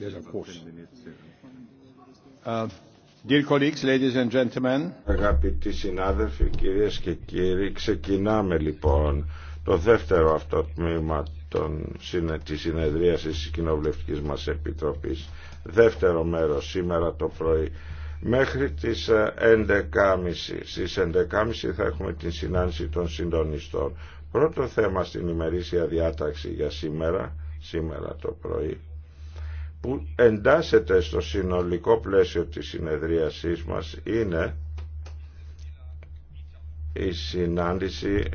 Yes, of course. Uh, dear colleagues, ladies and gentlemen. Αγαπητοί συνάδελφοι, κυρίες και κύριοι, ξεκινάμε λοιπόν το δεύτερο αυτό τμήμα των, της συνεδρίασης της Κοινοβουλευτικής μας Επιτροπής. Δεύτερο μέρος σήμερα το πρωί. Μέχρι τις 11.30. Ε, στις 11.30 θα έχουμε την συνάντηση των συντονιστών. Πρώτο θέμα στην ημερήσια διάταξη για σήμερα σήμερα το πρωί που εντάσσεται στο συνολικό πλαίσιο της συνεδρίασής μας είναι η συνάντηση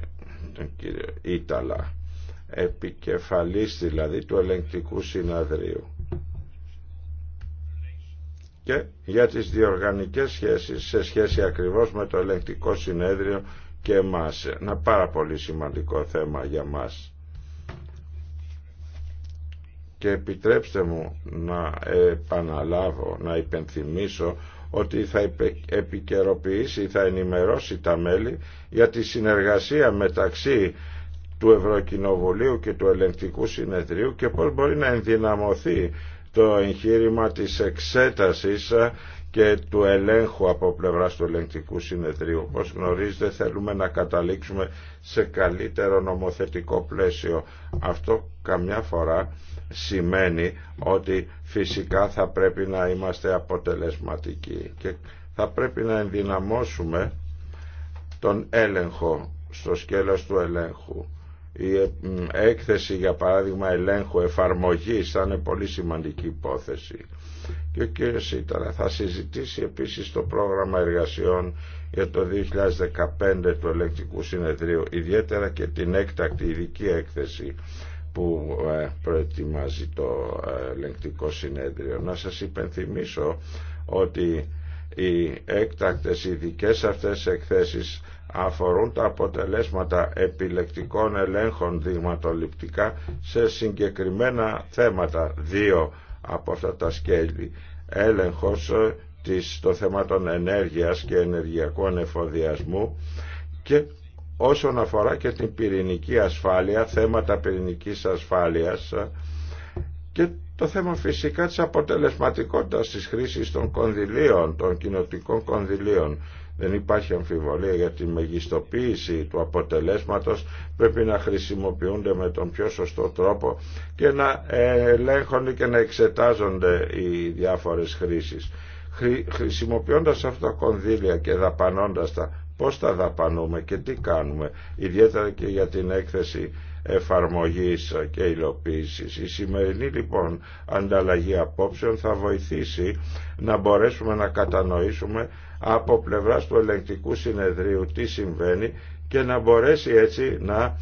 τον κύριο Ήταλα επικεφαλής δηλαδή του ελεγκτικού συναδρίου και για τις διοργανικές σχέσεις σε σχέση ακριβώς με το ελεγκτικό συνέδριο και εμάς. Ένα πάρα πολύ σημαντικό θέμα για μας και επιτρέψτε μου να επαναλάβω, να υπενθυμίσω ότι θα επικαιροποιήσει, θα ενημερώσει τα μέλη για τη συνεργασία μεταξύ του Ευρωκοινοβουλίου και του Ελεγκτικού Συνεδρίου και πώς μπορεί να ενδυναμωθεί το εγχείρημα της εξέτασης και του ελέγχου από πλευράς του ελεγκτικού συνεδρίου. Όπως γνωρίζετε θέλουμε να καταλήξουμε σε καλύτερο νομοθετικό πλαίσιο. Αυτό καμιά φορά σημαίνει ότι φυσικά θα πρέπει να είμαστε αποτελεσματικοί και θα πρέπει να ενδυναμώσουμε τον έλεγχο στο σκέλος του ελέγχου. Η ε, έκθεση για παράδειγμα ελέγχου εφαρμογής θα είναι πολύ σημαντική υπόθεση. Και ο κ. Σίταρα θα συζητήσει επίσης το πρόγραμμα εργασιών για το 2015 του Ελεκτικού Συνεδρίου, ιδιαίτερα και την έκτακτη ειδική έκθεση που ε, προετοιμάζει το ελεγκτικό συνέδριο. Να σας υπενθυμίσω ότι οι έκτακτες ειδικέ αυτές εκθέσεις αφορούν τα αποτελέσματα επιλεκτικών ελέγχων δειγματοληπτικά σε συγκεκριμένα θέματα. Δύο από αυτά τα σκέλη. Έλεγχος της, το θέμα των ενέργειας και ενεργειακών εφοδιασμού. και όσον αφορά και την πυρηνική ασφάλεια, θέματα πυρηνικής ασφάλειας και το θέμα φυσικά της αποτελεσματικότητας της χρήσης των κονδυλίων, των κοινοτικών κονδυλίων. Δεν υπάρχει αμφιβολία για τη μεγιστοποίηση του αποτελέσματος πρέπει να χρησιμοποιούνται με τον πιο σωστό τρόπο και να ελέγχονται και να εξετάζονται οι διάφορες χρήσεις. Χρησιμοποιώντας αυτά τα κονδύλια και δαπανώντας τα πώς θα δαπανούμε και τι κάνουμε, ιδιαίτερα και για την έκθεση εφαρμογής και υλοποίησης. Η σημερινή λοιπόν ανταλλαγή απόψεων θα βοηθήσει να μπορέσουμε να κατανοήσουμε από πλευράς του ελεγκτικού συνεδρίου τι συμβαίνει και να μπορέσει έτσι να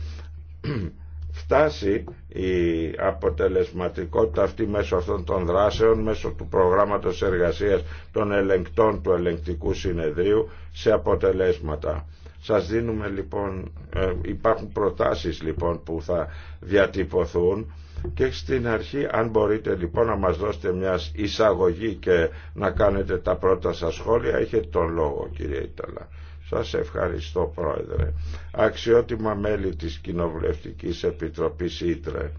φτάσει η αποτελεσματικότητα αυτή μέσω αυτών των δράσεων, μέσω του προγράμματος εργασίας των ελεγκτών του ελεγκτικού συνεδρίου σε αποτελέσματα. Σας δίνουμε λοιπόν, ε, υπάρχουν προτάσεις λοιπόν που θα διατυπωθούν και στην αρχή αν μπορείτε λοιπόν να μας δώσετε μια εισαγωγή και να κάνετε τα πρώτα σας σχόλια έχετε τον λόγο κύριε Ιταλά. Σας ευχαριστώ πρόεδρε. Αξιότιμα μέλη της Κοινοβουλευτικής Επιτροπής Ήτρε.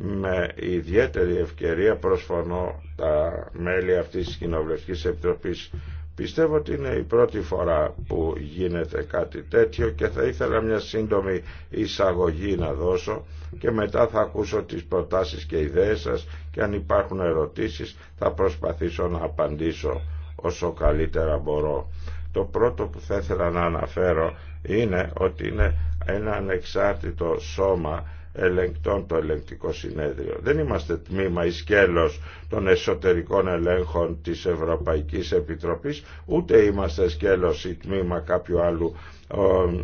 Με ιδιαίτερη ευκαιρία προσφωνώ τα μέλη αυτής της Κοινοβουλευτικής Επιτροπής Πιστεύω ότι είναι η πρώτη φορά που γίνεται κάτι τέτοιο και θα ήθελα μια σύντομη εισαγωγή να δώσω και μετά θα ακούσω τις προτάσεις και ιδέες σας και αν υπάρχουν ερωτήσεις θα προσπαθήσω να απαντήσω όσο καλύτερα μπορώ. Το πρώτο που θα ήθελα να αναφέρω είναι ότι είναι ένα ανεξάρτητο σώμα ελεγκτών το ελεγκτικό συνέδριο. Δεν είμαστε τμήμα ή σκέλος των εσωτερικών ελέγχων της Ευρωπαϊκής Επιτροπής, ούτε είμαστε σκέλος ή τμήμα κάποιου άλλου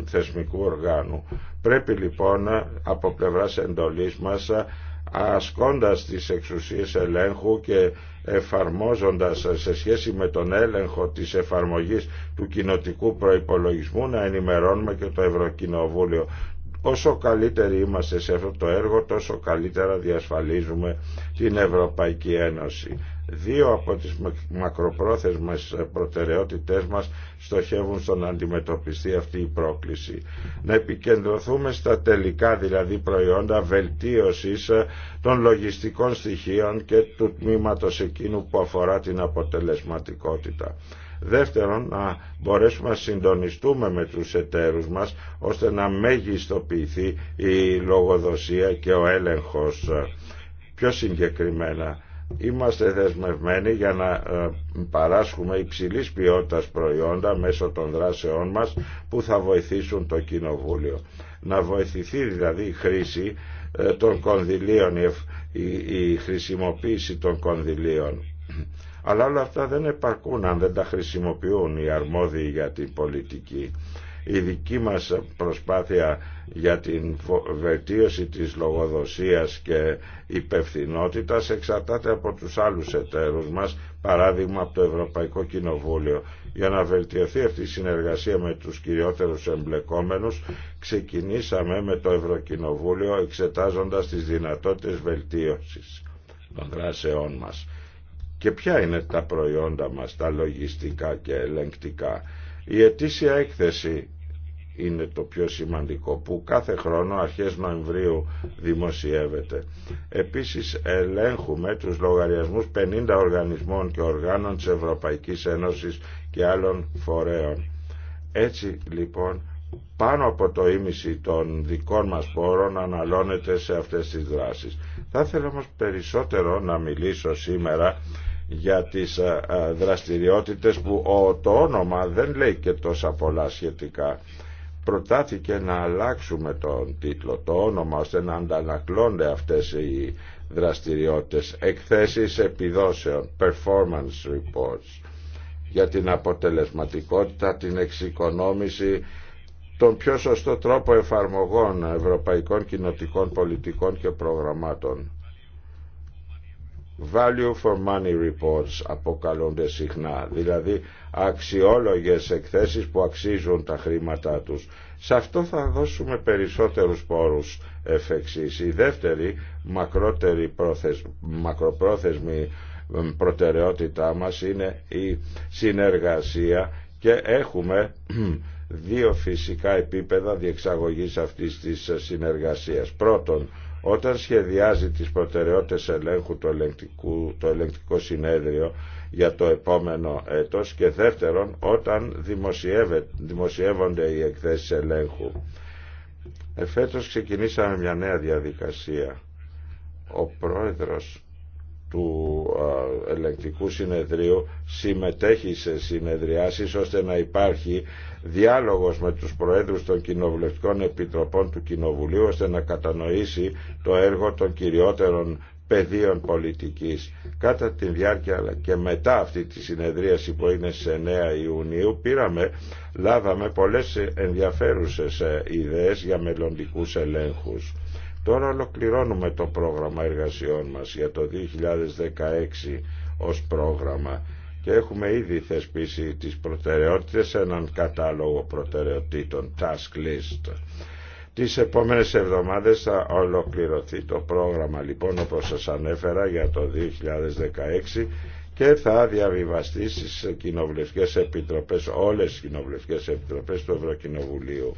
θεσμικού οργάνου. Πρέπει λοιπόν από πλευράς εντολής μας ασκώντας τις εξουσίες ελέγχου και εφαρμόζοντας σε σχέση με τον έλεγχο της εφαρμογής του κοινοτικού προϋπολογισμού να ενημερώνουμε και το Ευρωκοινοβούλιο. Όσο καλύτεροι είμαστε σε αυτό το έργο, τόσο καλύτερα διασφαλίζουμε την Ευρωπαϊκή Ένωση. Δύο από τις μακροπρόθεσμες προτεραιότητές μας στοχεύουν στο να αντιμετωπιστεί αυτή η πρόκληση. Να επικεντρωθούμε στα τελικά δηλαδή προϊόντα βελτίωσης ε, των λογιστικών στοιχείων και του τμήματος εκείνου που αφορά την αποτελεσματικότητα. Δεύτερον, να μπορέσουμε να συντονιστούμε με τους εταίρους μας, ώστε να μεγιστοποιηθεί η λογοδοσία και ο έλεγχος πιο συγκεκριμένα Είμαστε δεσμευμένοι για να ε, παράσχουμε υψηλής ποιότητας προϊόντα μέσω των δράσεών μας που θα βοηθήσουν το Κοινοβούλιο. Να βοηθηθεί δηλαδή η χρήση ε, των κονδυλίων, η χρησιμοποίηση των κονδυλίων. Αλλά όλα αυτά δεν επαρκούν αν δεν τα χρησιμοποιούν οι αρμόδιοι για την πολιτική. Η δική μας προσπάθεια για την βελτίωση της λογοδοσίας και υπευθυνότητας εξαρτάται από τους άλλους εταίρους μας, παράδειγμα από το Ευρωπαϊκό Κοινοβούλιο. Για να βελτιωθεί αυτή η συνεργασία με τους κυριότερους εμπλεκόμενους, ξεκινήσαμε με το Ευρωκοινοβούλιο εξετάζοντας τις δυνατότητες βελτίωσης των δράσεών μας. Και ποια είναι τα προϊόντα μας, τα λογιστικά και ελεγκτικά. Η ετήσια έκθεση είναι το πιο σημαντικό που κάθε χρόνο αρχές Νοεμβρίου δημοσιεύεται. Επίσης ελέγχουμε τους λογαριασμούς 50 οργανισμών και οργάνων της Ευρωπαϊκής Ένωσης και άλλων φορέων. Έτσι λοιπόν πάνω από το ίμιση των δικών μας πόρων αναλώνεται σε αυτές τις δράσεις. Θα ήθελα όμως περισσότερο να μιλήσω σήμερα για τις δραστηριότητες που το όνομα δεν λέει και τόσα πολλά σχετικά προτάθηκε να αλλάξουμε τον τίτλο, το όνομα, ώστε να αντανακλώνται αυτές οι δραστηριότητες, εκθέσεις επιδόσεων, performance reports, για την αποτελεσματικότητα, την εξοικονόμηση, τον πιο σωστό τρόπο εφαρμογών ευρωπαϊκών κοινοτικών πολιτικών και προγραμμάτων. Value for money reports αποκαλούνται συχνά, δηλαδή αξιόλογες εκθέσεις που αξίζουν τα χρήματά τους. Σε αυτό θα δώσουμε περισσότερους πόρους εφεξής. Η δεύτερη μακρότερη πρόθεσμη, μακροπρόθεσμη προτεραιότητά μας είναι η συνεργασία και έχουμε δύο φυσικά επίπεδα διεξαγωγής αυτής της συνεργασίας. Πρώτον, όταν σχεδιάζει τις προτεραιότητες ελέγχου το, το ελεγκτικό συνέδριο για το επόμενο έτος και δεύτερον όταν δημοσιεύονται οι εκθέσεις ελέγχου. Εφέτος ξεκινήσαμε μια νέα διαδικασία. Ο πρόεδρος του ελεκτικού συνεδρίου συμμετέχει σε συνεδριάσεις ώστε να υπάρχει διάλογος με τους προέδρους των κοινοβουλευτικών επιτροπών του Κοινοβουλίου ώστε να κατανοήσει το έργο των κυριότερων πεδίων πολιτικής. Κατά τη διάρκεια και μετά αυτή τη συνεδρίαση που είναι σε 9 Ιουνίου πήραμε, λάβαμε πολλές ενδιαφέρουσες ε, ιδέες για μελλοντικού ελέγχους. Τώρα ολοκληρώνουμε το πρόγραμμα εργασιών μας για το 2016 ως πρόγραμμα και έχουμε ήδη θεσπίσει τις προτεραιότητες σε έναν κατάλογο προτεραιοτήτων, task list. Τις επόμενες εβδομάδες θα ολοκληρωθεί το πρόγραμμα λοιπόν όπως σας ανέφερα για το 2016 και θα διαβιβαστεί στις κοινοβουλευτικές επιτροπές, όλες τις κοινοβουλευτικές επιτροπές του Ευρωκοινοβουλίου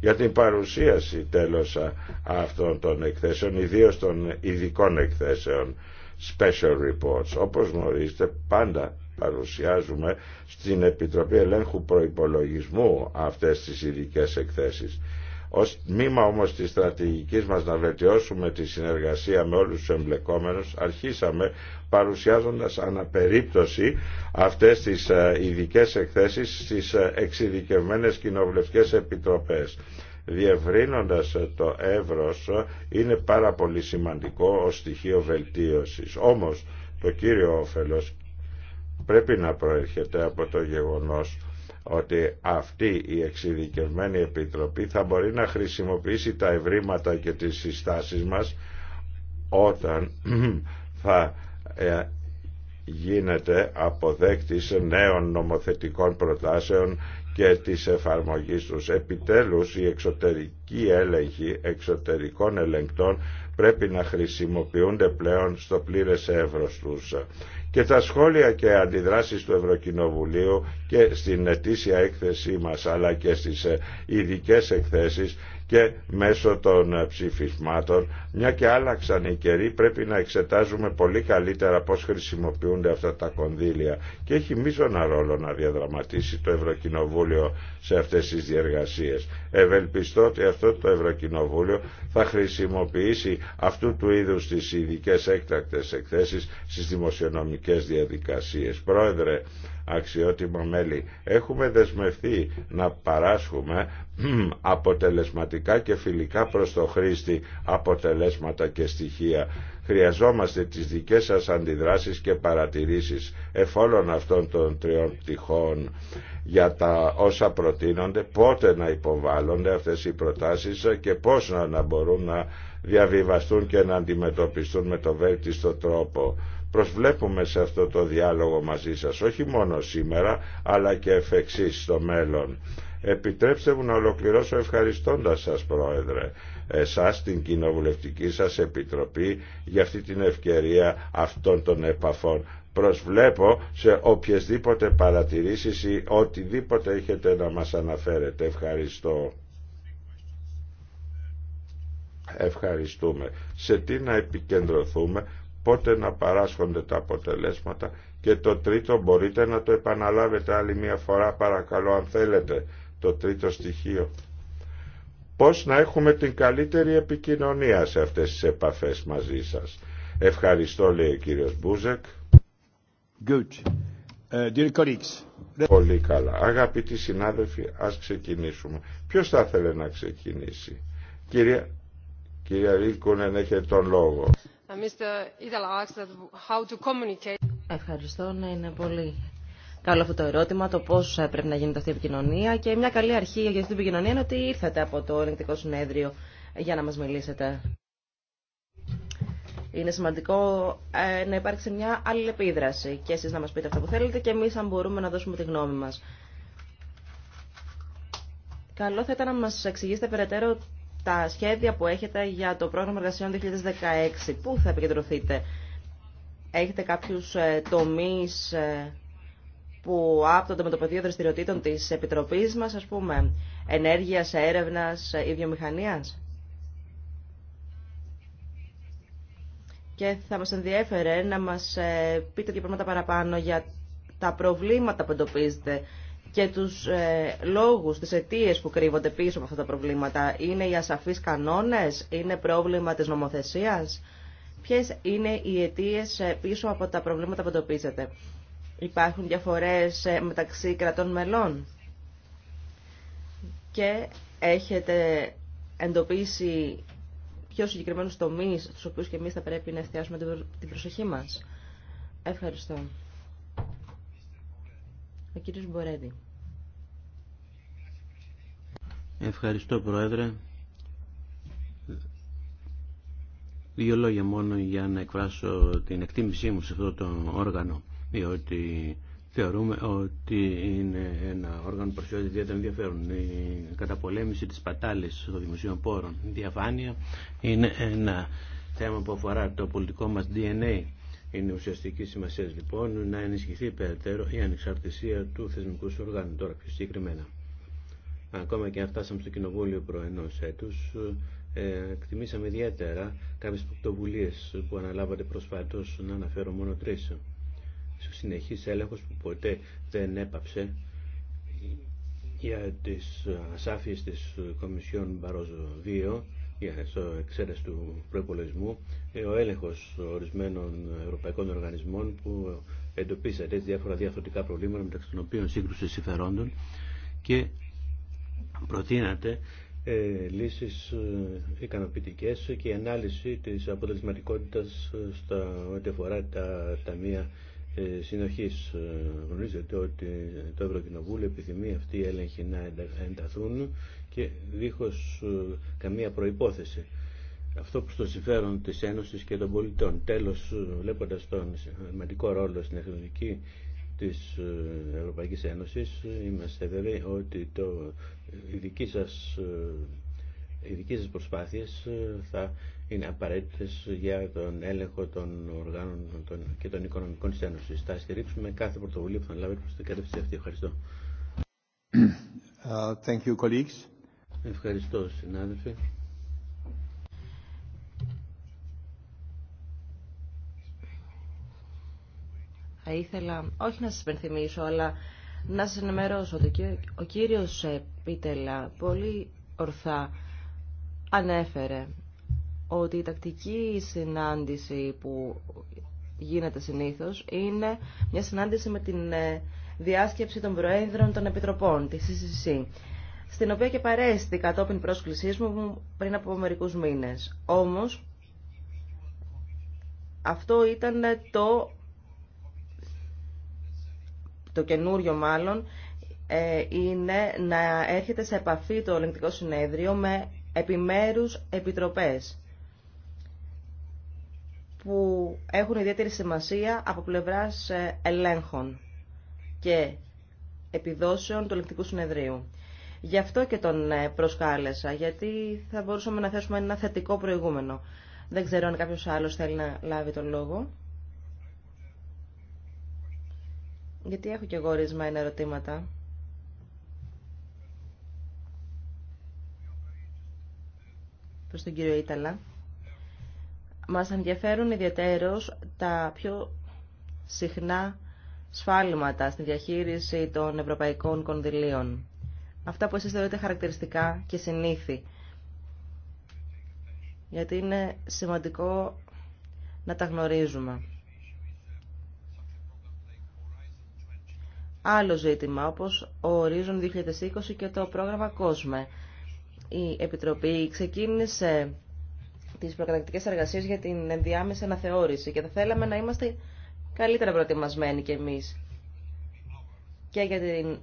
για την παρουσίαση τέλος αυτών των εκθέσεων, ιδίως των ειδικών εκθέσεων, special reports. Όπως γνωρίζετε πάντα παρουσιάζουμε στην Επιτροπή Ελέγχου Προϋπολογισμού αυτές τις ειδικέ εκθέσεις. Ως τμήμα όμως της στρατηγικής μας να βελτιώσουμε τη συνεργασία με όλους τους εμπλεκόμενους, αρχίσαμε παρουσιάζοντας αναπερίπτωση αυτές τις ε, ειδικέ εκθέσεις στις ε, εξειδικευμένες κοινοβουλευτικές επιτροπές διευρύνοντας ε, το εύρος είναι πάρα πολύ σημαντικό ως στοιχείο βελτίωσης. Όμως το κύριο όφελος πρέπει να προέρχεται από το γεγονός ότι αυτή η εξειδικευμένη επιτροπή θα μπορεί να χρησιμοποιήσει τα ευρήματα και τις συστάσεις μας όταν θα ε, γίνεται αποδέκτης νέων νομοθετικών προτάσεων και της εφαρμογής τους. Επιτέλους, η εξωτερική έλεγχη εξωτερικών ελεγκτών πρέπει να χρησιμοποιούνται πλέον στο πλήρες εύρος τους και τα σχόλια και αντιδράσεις του Ευρωκοινοβουλίου και στην ετήσια έκθεσή μας αλλά και στις ε, ειδικέ εκθέσεις και μέσω των ε, ψηφισμάτων. Μια και άλλαξαν οι καιροί πρέπει να εξετάζουμε πολύ καλύτερα πώς χρησιμοποιούνται αυτά τα κονδύλια και έχει μίζωνα ρόλο να διαδραματίσει το Ευρωκοινοβούλιο σε αυτές τις διεργασίες. Ευελπιστώ ότι αυτό το Ευρωκοινοβούλιο θα χρησιμοποιήσει αυτού του είδους τις ειδικέ έκτακτες εκθέσεις στις δημοσιονομικές διαδικασίες αξιότιμα μέλη. Έχουμε δεσμευθεί να παράσχουμε αποτελεσματικά και φιλικά προς το χρήστη αποτελέσματα και στοιχεία. Χρειαζόμαστε τις δικές σας αντιδράσεις και παρατηρήσεις εφόλων αυτών των τριών πτυχών για τα όσα προτείνονται, πότε να υποβάλλονται αυτές οι προτάσεις και πώς να, να μπορούν να διαβιβαστούν και να αντιμετωπιστούν με το βέλτιστο τρόπο. Προσβλέπουμε σε αυτό το διάλογο μαζί σας, όχι μόνο σήμερα, αλλά και εφεξής στο μέλλον. Επιτρέψτε μου να ολοκληρώσω ευχαριστώντας σας Πρόεδρε, εσάς την κοινοβουλευτική σας επιτροπή για αυτή την ευκαιρία αυτών των επαφών. Προσβλέπω σε οποιασδήποτε παρατηρήσεις ή οτιδήποτε έχετε να μας αναφέρετε. Ευχαριστώ. Ευχαριστούμε. Σε τι να επικεντρωθούμε πότε να παράσχονται τα αποτελέσματα και το τρίτο μπορείτε να το επαναλάβετε άλλη μια φορά παρακαλώ αν θέλετε το τρίτο στοιχείο πώς να έχουμε την καλύτερη επικοινωνία σε αυτές τις επαφές μαζί σας ευχαριστώ λέει ο κύριος Μπούζεκ Good. Ε, dear colleagues. Πολύ καλά. Αγαπητοί συνάδελφοι, ας ξεκινήσουμε. Ποιος θα ήθελε να ξεκινήσει. Κυρία, κυρία Ρίκουνεν, έχετε τον λόγο. Ε, Ευχαριστώ. Ναι, είναι πολύ καλό αυτό το ερώτημα, το πώ ε, πρέπει να γίνεται αυτή η επικοινωνία. Και μια καλή αρχή για αυτή την επικοινωνία είναι ότι ήρθατε από το ελεγκτικό συνέδριο για να μα μιλήσετε. Είναι σημαντικό ε, να υπάρξει μια αλληλεπίδραση και εσείς να μας πείτε αυτό που θέλετε και εμείς αν μπορούμε να δώσουμε τη γνώμη μας. Καλό θα ήταν να μας εξηγήσετε περαιτέρω τα σχέδια που έχετε για το πρόγραμμα εργασιών 2016. Πού θα επικεντρωθείτε. Έχετε κάποιους ε, τομείς ε, που άπτονται με το πεδίο δραστηριοτήτων της Επιτροπής μας, ας πούμε, ενέργειας, έρευνας ή ε, βιομηχανίας. Και θα μας ενδιέφερε να μας πείτε δύο πράγματα παραπάνω για τα προβλήματα που εντοπίζετε και τους ε, λόγους, τις αιτίε που κρύβονται πίσω από αυτά τα προβλήματα. Είναι οι ασαφείς κανόνες, είναι πρόβλημα της νομοθεσίας. Ποιες είναι οι αιτίε ε, πίσω από τα προβλήματα που εντοπίζετε. Υπάρχουν διαφορές ε, μεταξύ κρατών μελών και έχετε εντοπίσει πιο συγκεκριμένου τομεί στους οποίους και εμεί θα πρέπει να εστιάσουμε την προσοχή μας. Ευχαριστώ. Ο κύριος Μπορέδη. Ευχαριστώ Πρόεδρε. Δύο λόγια μόνο για να εκφράσω την εκτίμησή μου σε αυτό το όργανο, διότι θεωρούμε ότι είναι ένα όργανο που προσφέρει ιδιαίτερο ενδιαφέρον. Η καταπολέμηση της πατάλης των δημοσίων πόρων, η διαφάνεια, είναι ένα θέμα που αφορά το πολιτικό μας DNA. Είναι ουσιαστική σημασία λοιπόν να ενισχυθεί περαιτέρω η ανεξαρτησία του θεσμικού οργάνου τώρα πιο συγκεκριμένα ακόμα και αν φτάσαμε στο Κοινοβούλιο προενός έτους, ε, εκτιμήσαμε ιδιαίτερα κάποιες πρωτοβουλίε που αναλάβατε προσφάτως, να αναφέρω μόνο τρεις. Συνεχής έλεγχος που ποτέ δεν έπαψε για τις ασάφειες της Κομισιόν Μπαρόζο 2 για το εξαίρεση του προπολογισμού, ε, ο έλεγχος ορισμένων ευρωπαϊκών οργανισμών που εντοπίσατε διάφορα διαφορετικά προβλήματα μεταξύ των οποίων σύγκρουση συμφερόντων και προτείνατε ε, λύσεις ε, και η ανάλυση της αποτελεσματικότητας ε, στα ό,τι αφορά τα ταμεία ε, συνοχής. Γνωρίζετε ότι το Ευρωκοινοβούλιο επιθυμεί αυτή η έλεγχη να ενταθούν και δίχως καμία προϋπόθεση. Αυτό που στο συμφέρον της Ένωσης και των πολιτών. Τέλος, βλέποντας τον σημαντικό ρόλο στην εθνική της ε, Ευρωπαϊκής Ένωσης είμαστε βέβαιοι ότι το, οι, ε, σας οι δικοί σας ε, προσπάθειες θα είναι απαραίτητες για τον έλεγχο των οργάνων και των οικονομικών της Ένωσης. Θα στηρίξουμε κάθε πρωτοβουλία που θα λάβει προς την κατεύθυνση αυτή. Ευχαριστώ. Uh, thank you, Ευχαριστώ, συνάδελφοι. Θα ήθελα όχι να σας υπενθυμίσω, αλλά να σας ενημερώσω ότι ο κύριος Πίτελα πολύ ορθά ανέφερε ότι η τακτική συνάντηση που γίνεται συνήθως είναι μια συνάντηση με την ε, διάσκεψη των Προέδρων των Επιτροπών, τη CCC, στην οποία και παρέστη κατόπιν πρόσκλησής μου πριν από μερικούς μήνες. Όμως, αυτό ήταν το το καινούριο μάλλον, ε, είναι να έρχεται σε επαφή το ελεγκτικό συνέδριο με επιμέρους επιτροπές που έχουν ιδιαίτερη σημασία από πλευράς ε, ελέγχων και επιδόσεων του ελεγκτικού συνεδρίου. Γι' αυτό και τον ε, προσκάλεσα, γιατί θα μπορούσαμε να θέσουμε ένα θετικό προηγούμενο. Δεν ξέρω αν κάποιος άλλος θέλει να λάβει τον λόγο. γιατί έχω και εγώ ορισμένα ερωτήματα. Προς τον κύριο Ήταλα. Μας ενδιαφέρουν ιδιαίτερως τα πιο συχνά σφάλματα στη διαχείριση των ευρωπαϊκών κονδυλίων. Αυτά που εσείς θεωρείτε χαρακτηριστικά και συνήθη. Γιατί είναι σημαντικό να τα γνωρίζουμε. άλλο ζήτημα, όπως ο Horizon 2020 και το πρόγραμμα COSME. Η Επιτροπή ξεκίνησε τις προκατακτικές εργασίες για την ενδιάμεση αναθεώρηση και θα θέλαμε να είμαστε καλύτερα προετοιμασμένοι κι εμείς και για την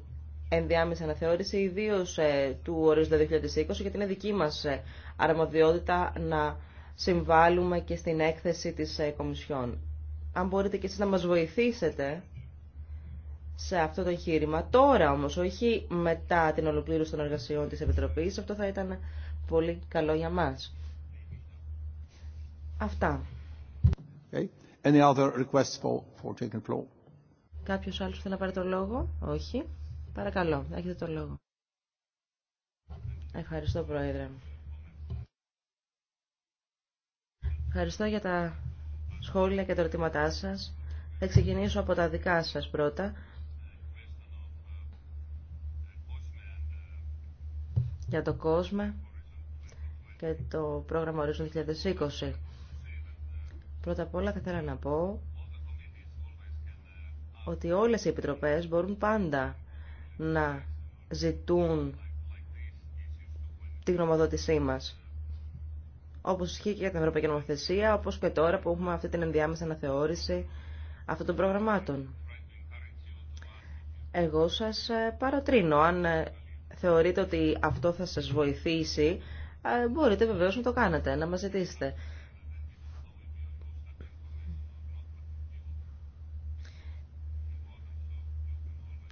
ενδιάμεση αναθεώρηση, ιδίω ε, του ορίζοντα 2020, γιατί είναι δική μας ε, αρμοδιότητα να συμβάλλουμε και στην έκθεση της ε, Κομισιόν. Αν μπορείτε και εσείς να μας βοηθήσετε σε αυτό το εγχείρημα. Τώρα όμως, όχι μετά την ολοκλήρωση των εργασιών τη Επιτροπής, αυτό θα ήταν πολύ καλό για μα. Αυτά. Okay. Any other requests for, for floor? Κάποιος άλλος θέλει να πάρει το λόγο. Όχι. Παρακαλώ, έχετε το λόγο. Ευχαριστώ, Πρόεδρε. Ευχαριστώ για τα σχόλια και τα ερωτήματά σας. Θα ξεκινήσω από τα δικά σας πρώτα. για το κόσμο και το πρόγραμμα Horizon 2020. Πρώτα απ' όλα θα ήθελα να πω ότι όλες οι επιτροπές μπορούν πάντα να ζητούν τη γνωμοδότησή μας. Όπως ισχύει και για την Ευρωπαϊκή Νομοθεσία, όπως και τώρα που έχουμε αυτή την ενδιάμεσα αναθεώρηση αυτών των προγραμμάτων. Εγώ σας παροτρύνω, αν θεωρείτε ότι αυτό θα σας βοηθήσει, ε, μπορείτε βεβαίω να το κάνετε, να μας ζητήσετε.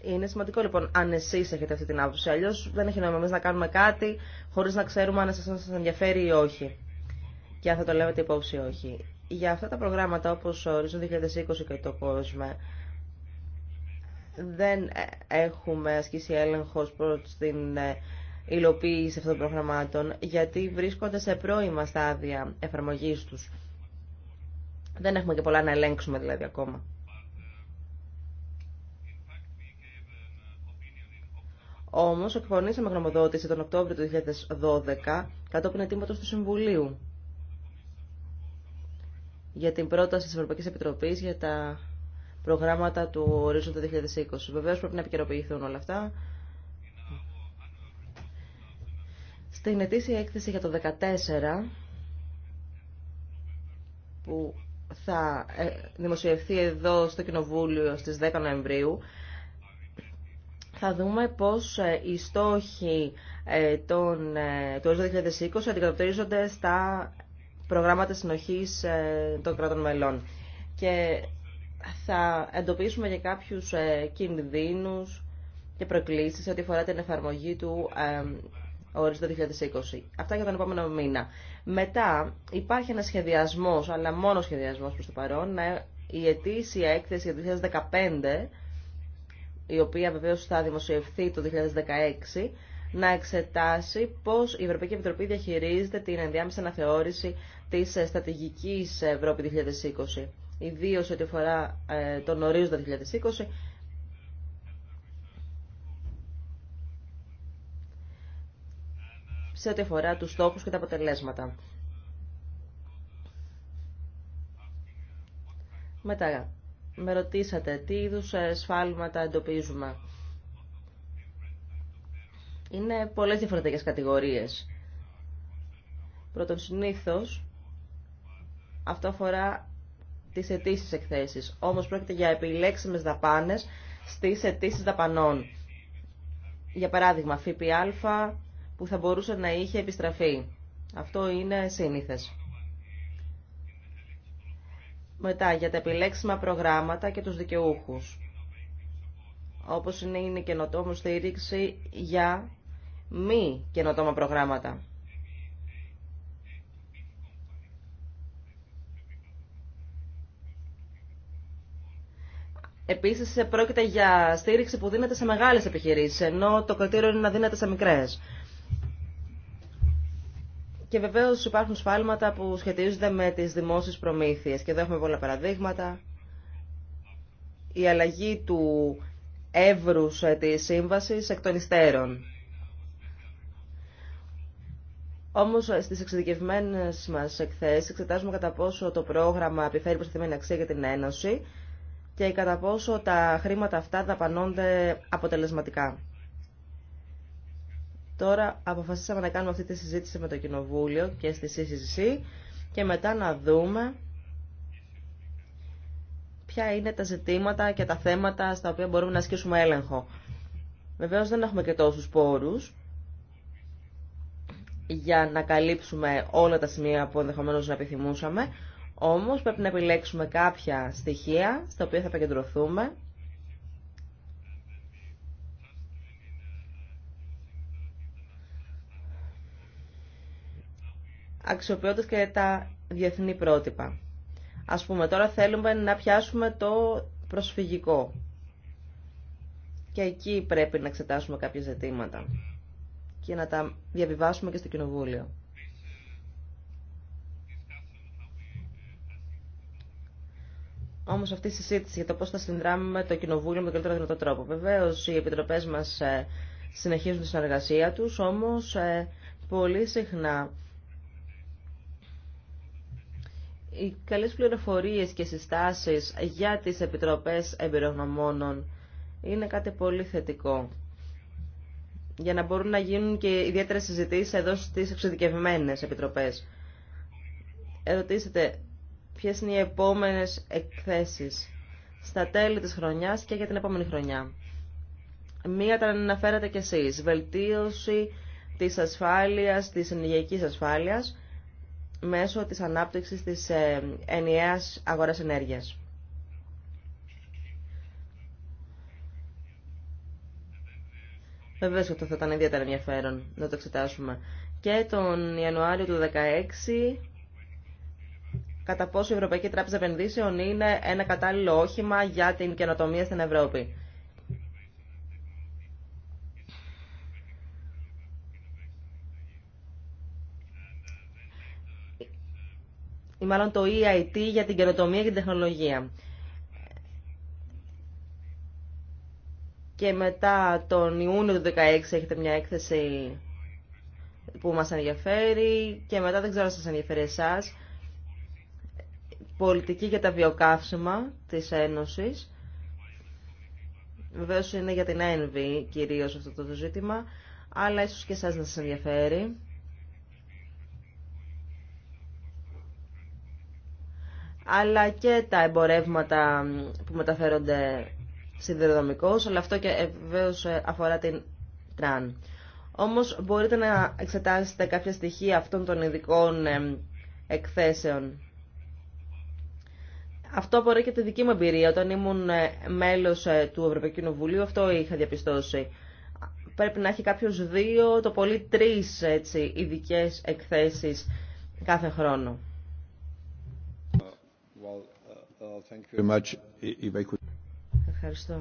Είναι σημαντικό λοιπόν αν εσεί έχετε αυτή την άποψη. Αλλιώ δεν έχει νόημα εμεί να κάνουμε κάτι χωρίς να ξέρουμε αν σα ενδιαφέρει ή όχι. Και αν θα το την υπόψη ή όχι. Για αυτά τα προγράμματα όπως ο Ρίζον 2020 και το κόσμο δεν έχουμε ασκήσει έλεγχος προς την ε, υλοποίηση αυτών των προγραμμάτων, γιατί βρίσκονται σε πρώιμα στάδια εφαρμογής τους. Δεν έχουμε και πολλά να ελέγξουμε δηλαδή ακόμα. Όμω, εκφωνήσαμε γνωμοδότηση τον Οκτώβριο του 2012 κατόπιν ετοίματο του Συμβουλίου για την πρόταση τη Ευρωπαϊκή Επιτροπή για τα προγράμματα του ορίζοντα 2020. Βεβαίως πρέπει να επικαιροποιηθούν όλα αυτά. Στην ετήσια έκθεση για το 2014, που θα ε, δημοσιευθεί εδώ στο Κοινοβούλιο στις 10 Νοεμβρίου, θα δούμε πώς ε, οι στόχοι ε, των, του 2020 αντικατοπτρίζονται στα προγράμματα συνοχής των κρατών μελών. Και θα εντοπίσουμε και κάποιους ε, κινδύνους και προκλήσεις ό,τι αφορά την εφαρμογή του ορίζοντα 2020. Αυτά για τον επόμενο μήνα. Μετά υπάρχει ένα σχεδιασμός, αλλά μόνο σχεδιασμός προς το παρόν, η ετήσια έκθεση για το 2015, η οποία βεβαίως θα δημοσιευθεί το 2016, να εξετάσει πώς η Ευρωπαϊκή Επιτροπή διαχειρίζεται την ενδιάμεση αναθεώρηση της ε, στρατηγικής Ευρώπη 2020 ιδίως ό,τι αφορά ε, τον ορίζοντα 2020, σε ό,τι αφορά τους στόχους και τα αποτελέσματα. Μετά, με ρωτήσατε τι είδους ε, σφάλματα εντοπίζουμε. Είναι πολλές διαφορετικές κατηγορίες. Πρώτον, συνήθως, αυτό αφορά τις αιτήσει εκθέσεις. Όμως πρόκειται για επιλέξιμες δαπάνες στις αιτήσει δαπανών. Για παράδειγμα, ΦΠΑ που θα μπορούσε να είχε επιστραφεί. Αυτό είναι σύνηθες. Μετά, για τα επιλέξιμα προγράμματα και τους δικαιούχους. Όπως είναι η καινοτόμο στήριξη για μη καινοτόμα προγράμματα. Επίση, πρόκειται για στήριξη που δίνεται σε μεγάλες επιχειρήσεις, ενώ το κριτήριο είναι να δίνεται σε μικρές. Και βεβαίω υπάρχουν σφάλματα που σχετίζονται με τις δημόσιες προμήθειες. Και εδώ έχουμε πολλά παραδείγματα. Η αλλαγή του εύρου ε, τη σύμβαση εκ των υστέρων. Όμω ε, στι εξειδικευμένε μα εκθέσει εξετάζουμε κατά πόσο το πρόγραμμα επιφέρει προστιθέμενη αξία για την Ένωση και κατά πόσο τα χρήματα αυτά δαπανώνται αποτελεσματικά. Τώρα αποφασίσαμε να κάνουμε αυτή τη συζήτηση με το Κοινοβούλιο και στη CCC και μετά να δούμε ποια είναι τα ζητήματα και τα θέματα στα οποία μπορούμε να ασκήσουμε έλεγχο. Βεβαίως δεν έχουμε και τόσους πόρους για να καλύψουμε όλα τα σημεία που ενδεχομένως να επιθυμούσαμε, όμως πρέπει να επιλέξουμε κάποια στοιχεία στα οποία θα επικεντρωθούμε αξιοποιώντας και τα διεθνή πρότυπα. Ας πούμε, τώρα θέλουμε να πιάσουμε το προσφυγικό. Και εκεί πρέπει να εξετάσουμε κάποια ζητήματα και να τα διαβιβάσουμε και στο Κοινοβούλιο. Όμω αυτή η συζήτηση για το πώ θα συνδράμουμε το Κοινοβούλιο με τον καλύτερο δυνατό τρόπο. Βεβαίω οι επιτροπέ μα ε, συνεχίζουν τη συνεργασία του, όμω ε, πολύ συχνά οι καλέ πληροφορίε και συστάσει για τι επιτροπέ εμπειρογνωμόνων είναι κάτι πολύ θετικό. Για να μπορούν να γίνουν και ιδιαίτερε συζητήσει εδώ στι εξειδικευμένε επιτροπέ. Ερωτήσετε, ποιες είναι οι επόμενες εκθέσεις στα τέλη της χρονιάς και για την επόμενη χρονιά. Μία τα αναφέρατε κι εσείς, βελτίωση της ασφάλειας, της ενεργειακής ασφάλειας μέσω της ανάπτυξης της ε, ενιαίας αγοράς ενέργειας. Βεβαίως αυτό θα ήταν ιδιαίτερα ενδιαφέρον να το εξετάσουμε. Και τον Ιανουάριο του 2016 κατά πόσο η Ευρωπαϊκή Τράπεζα Επενδύσεων είναι ένα κατάλληλο όχημα για την καινοτομία στην Ευρώπη. ή μάλλον το EIT για την καινοτομία και την τεχνολογία. Και μετά τον Ιούνιο του 2016 έχετε μια έκθεση που μας ενδιαφέρει και μετά δεν ξέρω αν σας ενδιαφέρει εσάς πολιτική για τα βιοκαύσιμα της Ένωσης. Βεβαίως είναι για την ένβη κυρίως αυτό το ζήτημα, αλλά ίσως και σας να σας ενδιαφέρει. αλλά και τα εμπορεύματα που μεταφέρονται σιδηροδρομικώς, αλλά αυτό και ε, βεβαίω ε, αφορά την τραν. Όμως μπορείτε να εξετάσετε κάποια στοιχεία αυτών των ειδικών εκθέσεων. Αυτό απορρέει και τη δική μου εμπειρία. Όταν ήμουν ε, μέλος ε, του Ευρωπαϊκού Κοινοβουλίου, αυτό είχα διαπιστώσει. Πρέπει να έχει κάποιο δύο, το πολύ τρει ειδικέ εκθέσει εκθέσεις κάθε χρόνο. Ευχαριστώ.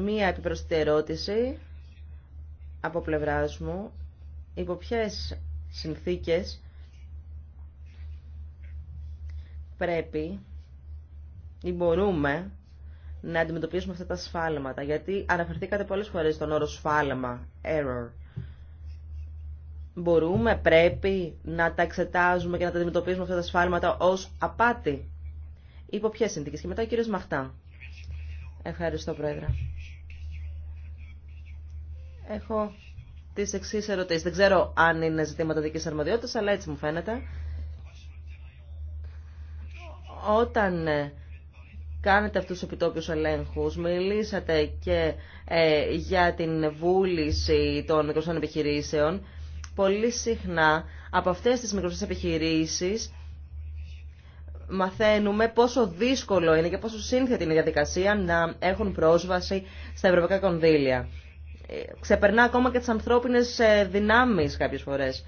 Μία επιπροσθέτη ερώτηση από πλευρά μου. Υπό ποιες συνθήκες πρέπει ή μπορούμε να αντιμετωπίσουμε αυτά τα σφάλματα, γιατί αναφερθήκατε πολλές φορές στον όρο σφάλμα, error. Μπορούμε, πρέπει να τα εξετάζουμε και να τα αντιμετωπίσουμε αυτά τα σφάλματα ως απάτη. Υπό ποιε συνθήκε. Και μετά ο κύριος Μαχτά. Ευχαριστώ, Πρόεδρε. Έχω τις εξή ερωτήσεις. Δεν ξέρω αν είναι ζητήματα δικής αρμοδιότητας, αλλά έτσι μου φαίνεται. Όταν ε, κάνετε αυτούς τους επιτόπιους ελέγχους, μιλήσατε και ε, για την βούληση των μικρών επιχειρήσεων. Πολύ συχνά από αυτές τις μικρές επιχειρήσεις μαθαίνουμε πόσο δύσκολο είναι και πόσο σύνθετη είναι η διαδικασία να έχουν πρόσβαση στα ευρωπαϊκά κονδύλια. Ε, ξεπερνά ακόμα και τις ανθρώπινες δυνάμεις κάποιες φορές.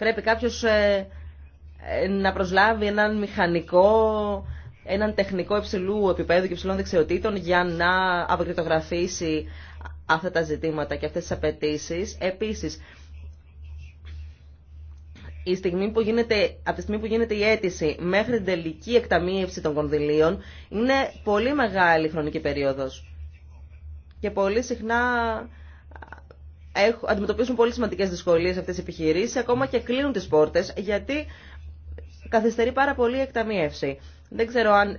Πρέπει κάποιος ε, ε, να προσλάβει έναν μηχανικό, έναν τεχνικό υψηλού επίπεδου και υψηλών δεξιοτήτων για να αποκριτογραφήσει αυτά τα ζητήματα και αυτές τις απαιτήσει. Επίσης, η στιγμή που γίνεται, από τη στιγμή που γίνεται η αίτηση μέχρι την τελική εκταμείευση των κονδυλίων είναι πολύ μεγάλη χρονική περίοδος. Και πολύ συχνά αντιμετωπίζουν πολύ σημαντικέ δυσκολίε αυτέ οι επιχειρήσει, ακόμα και κλείνουν τι πόρτε, γιατί καθυστερεί πάρα πολύ η εκταμίευση. Δεν ξέρω αν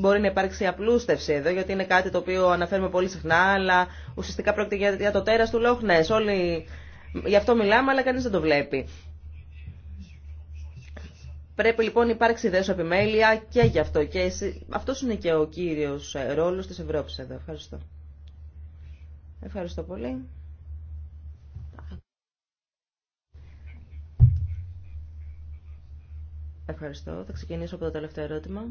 μπορεί να υπάρξει απλούστευση εδώ, γιατί είναι κάτι το οποίο αναφέρουμε πολύ συχνά, αλλά ουσιαστικά πρόκειται για το τέρα του Λόχνε. Όλοι γι' αυτό μιλάμε, αλλά κανεί δεν το βλέπει. Πρέπει λοιπόν να υπάρξει δέσο επιμέλεια και γι' αυτό. Και Αυτός είναι και ο κύριο ε, ρόλος τη Ευρώπη εδώ. Ευχαριστώ. Ευχαριστώ πολύ. Ευχαριστώ. Θα ξεκινήσω από το τελευταίο ερώτημα.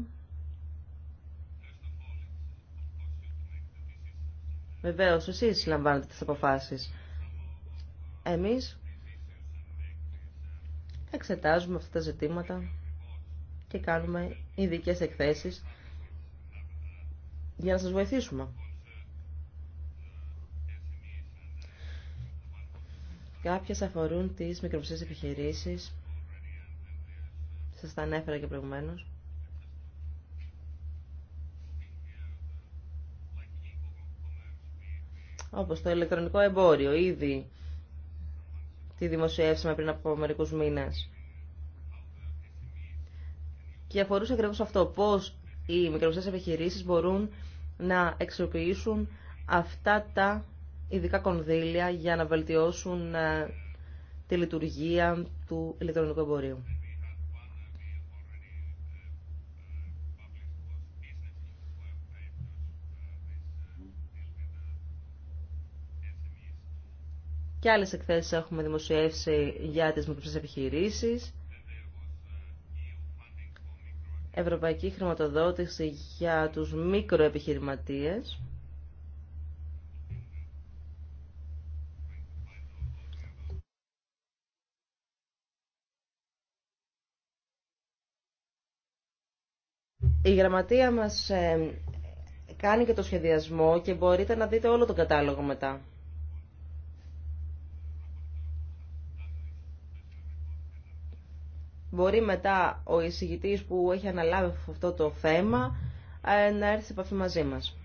Βεβαίω, εσεί λαμβάνετε τι αποφάσει. Εμεί εξετάζουμε αυτά τα ζητήματα και κάνουμε ειδικέ εκθέσει για να σας βοηθήσουμε. Κάποιες αφορούν τις μικροψηφίες επιχειρήσεις σας τα ανέφερα και προηγουμένως. Όπως το ηλεκτρονικό εμπόριο, ήδη τη δημοσιεύσαμε πριν από μερικούς μήνες. Και αφορούσε ακριβώς αυτό, πώς οι μικρομεσαίες επιχειρήσεις μπορούν να εξοπλίσουν αυτά τα ειδικά κονδύλια για να βελτιώσουν ε, τη λειτουργία του ηλεκτρονικού εμπορίου. Και άλλες εκθέσεις έχουμε δημοσιεύσει για τις μικρές επιχειρήσεις. Ευρωπαϊκή χρηματοδότηση για τους μικροεπιχειρηματίες. Η γραμματεία μας ε, κάνει και το σχεδιασμό και μπορείτε να δείτε όλο τον κατάλογο μετά. μπορεί μετά ο εισηγητής που έχει αναλάβει αυτό το θέμα ε, να έρθει σε επαφή μαζί μας.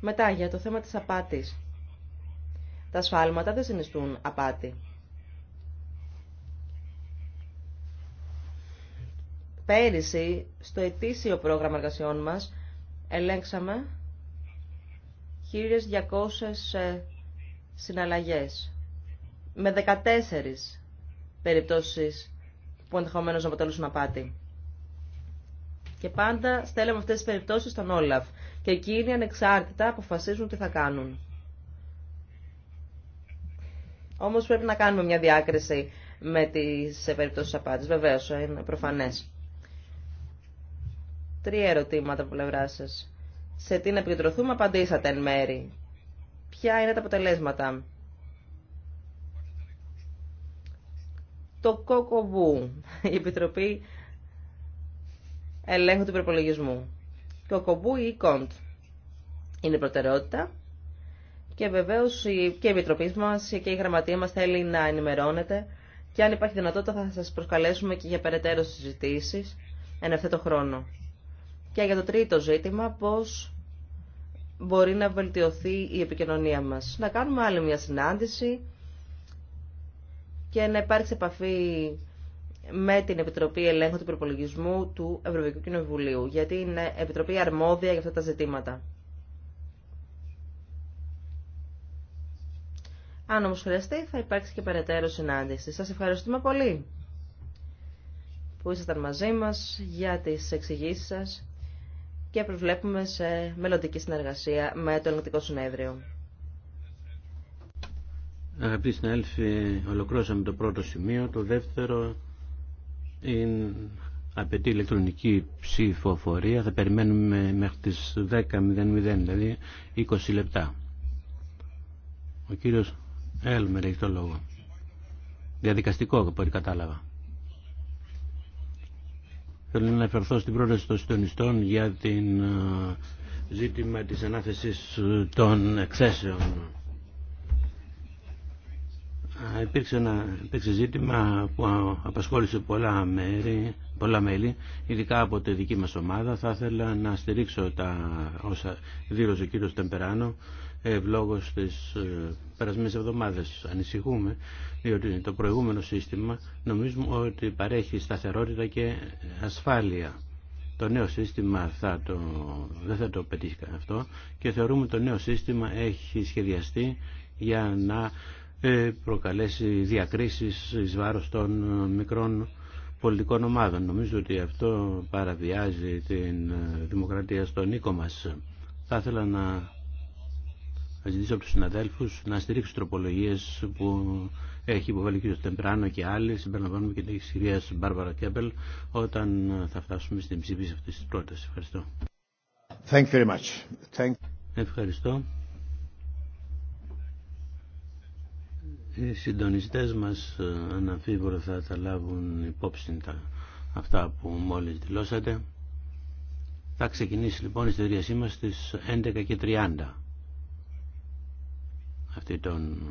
Μετά, για το θέμα της απάτης. Τα σφάλματα δεν συνιστούν απάτη. Πέρυσι, στο ετήσιο πρόγραμμα εργασιών μας, ελέγξαμε 1.200 ε, συναλλαγές με 14 περιπτώσεις που ενδεχομένω να αποτελούσαν απάτη. Και πάντα στέλνουμε αυτές τις περιπτώσεις στον Όλαφ και εκείνοι ανεξάρτητα αποφασίζουν τι θα κάνουν. Όμως πρέπει να κάνουμε μια διάκριση με τις περιπτώσεις απάτης. Βεβαίως, είναι προφανές. Τρία ερωτήματα από πλευρά σα. Σε τι να επικεντρωθούμε, απαντήσατε εν μέρη. Ποια είναι τα αποτελέσματα. το ΚΟΚΟΒΟΥ, η Επιτροπή Ελέγχου του Προπολογισμού. Κοκομπού ΚΟΚΟΒΟΥ ή ΚΟΜΤ είναι η προτεραιότητα και βεβαίως και η Επιτροπή μας και η Γραμματεία μας θέλει να ενημερώνεται και αν υπάρχει δυνατότητα θα σας προσκαλέσουμε και για περαιτέρω συζητήσεις εν ευθέτω χρόνο. Και για το τρίτο ζήτημα, πώς μπορεί να βελτιωθεί η επικοινωνία μας. Να κάνουμε άλλη μια συνάντηση και να υπάρξει επαφή με την Επιτροπή Ελέγχου του Προπολογισμού του Ευρωπαϊκού Κοινοβουλίου, γιατί είναι Επιτροπή αρμόδια για αυτά τα ζητήματα. Αν όμως χρειαστεί, θα υπάρξει και περαιτέρω συνάντηση. Σας ευχαριστούμε πολύ που ήσασταν μαζί μας για τις εξηγήσεις σας και προβλέπουμε σε μελλοντική συνεργασία με το Ελληνικό Συνέδριο. Αγαπητοί συνάδελφοι, ολοκλώσαμε το πρώτο σημείο. Το δεύτερο είναι απαιτεί ηλεκτρονική ψηφοφορία. Θα περιμένουμε μέχρι τις 10.00, δηλαδή 20 λεπτά. Ο κύριος Έλμερ έχει το λόγο. Διαδικαστικό, από ό,τι κατάλαβα. Θέλω να αναφερθώ στην πρόταση των συντονιστών για την ε, ζήτημα της ανάθεσης των εξαίσεων Υπήρξε, ένα, υπήρξε που απασχόλησε πολλά, μέρη, πολλά μέλη, ειδικά από τη δική μας ομάδα. Θα ήθελα να στηρίξω τα όσα δήλωσε ο κύριος Τεμπεράνο ε, ευλόγω στις ε, περασμένες εβδομάδες. Ανησυχούμε, διότι το προηγούμενο σύστημα νομίζουμε ότι παρέχει σταθερότητα και ασφάλεια. Το νέο σύστημα θα το, δεν θα το πετύχει αυτό και θεωρούμε το νέο σύστημα έχει σχεδιαστεί για να ε, προκαλέσει διακρίσεις εις βάρος των ε, μικρών πολιτικών ομάδων. Νομίζω ότι αυτό παραβιάζει την ε, δημοκρατία στον οίκο μας. Θα ήθελα να ζητήσω από τους συναδέλφους να στηρίξουν τροπολογίες που έχει υποβάλει ο κ. Τεμπράνο και άλλοι, συμπεριλαμβάνουμε και την κυρία Μπάρβαρα Κέμπελ, όταν θα φτάσουμε στην ψήφιση αυτής της πρότασης. Ευχαριστώ. Thank Ευχαριστώ. Οι συντονιστές μας ε, αναφίβολα θα τα λάβουν υπόψη τα, αυτά που μόλις δηλώσατε. Θα ξεκινήσει λοιπόν η συνεδρίασή μας στις 30 αυτή των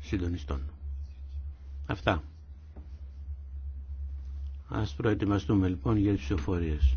συντονιστών. Αυτά. Ας προετοιμαστούμε λοιπόν για τις ψηφοφορίες.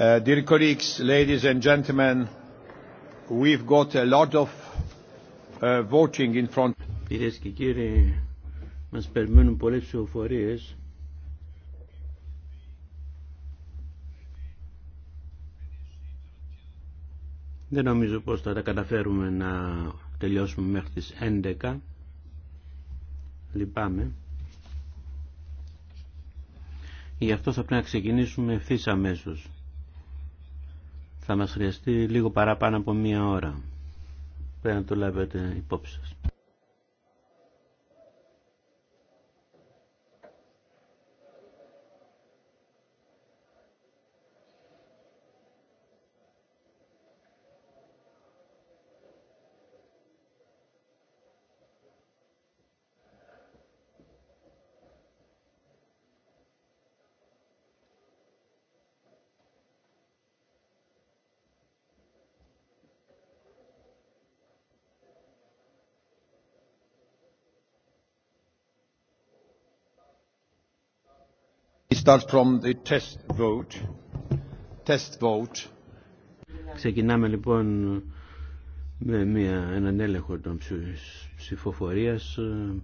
Uh, dear ladies and gentlemen, we've got a lot of uh, voting in front. και κύριοι, μας περιμένουν πολλές ψηφοφορίες. Δεν νομίζω πως θα τα καταφέρουμε να τελειώσουμε μέχρι τις 11. Λυπάμαι. Γι' αυτό θα πρέπει να ξεκινήσουμε ευθύ αμέσως. Θα μας χρειαστεί λίγο παραπάνω από μία ώρα. Πρέπει να το λάβετε υπόψη σας. Ξεκινάμε λοιπόν με μια, έναν έλεγχο των ψηφοφορίας.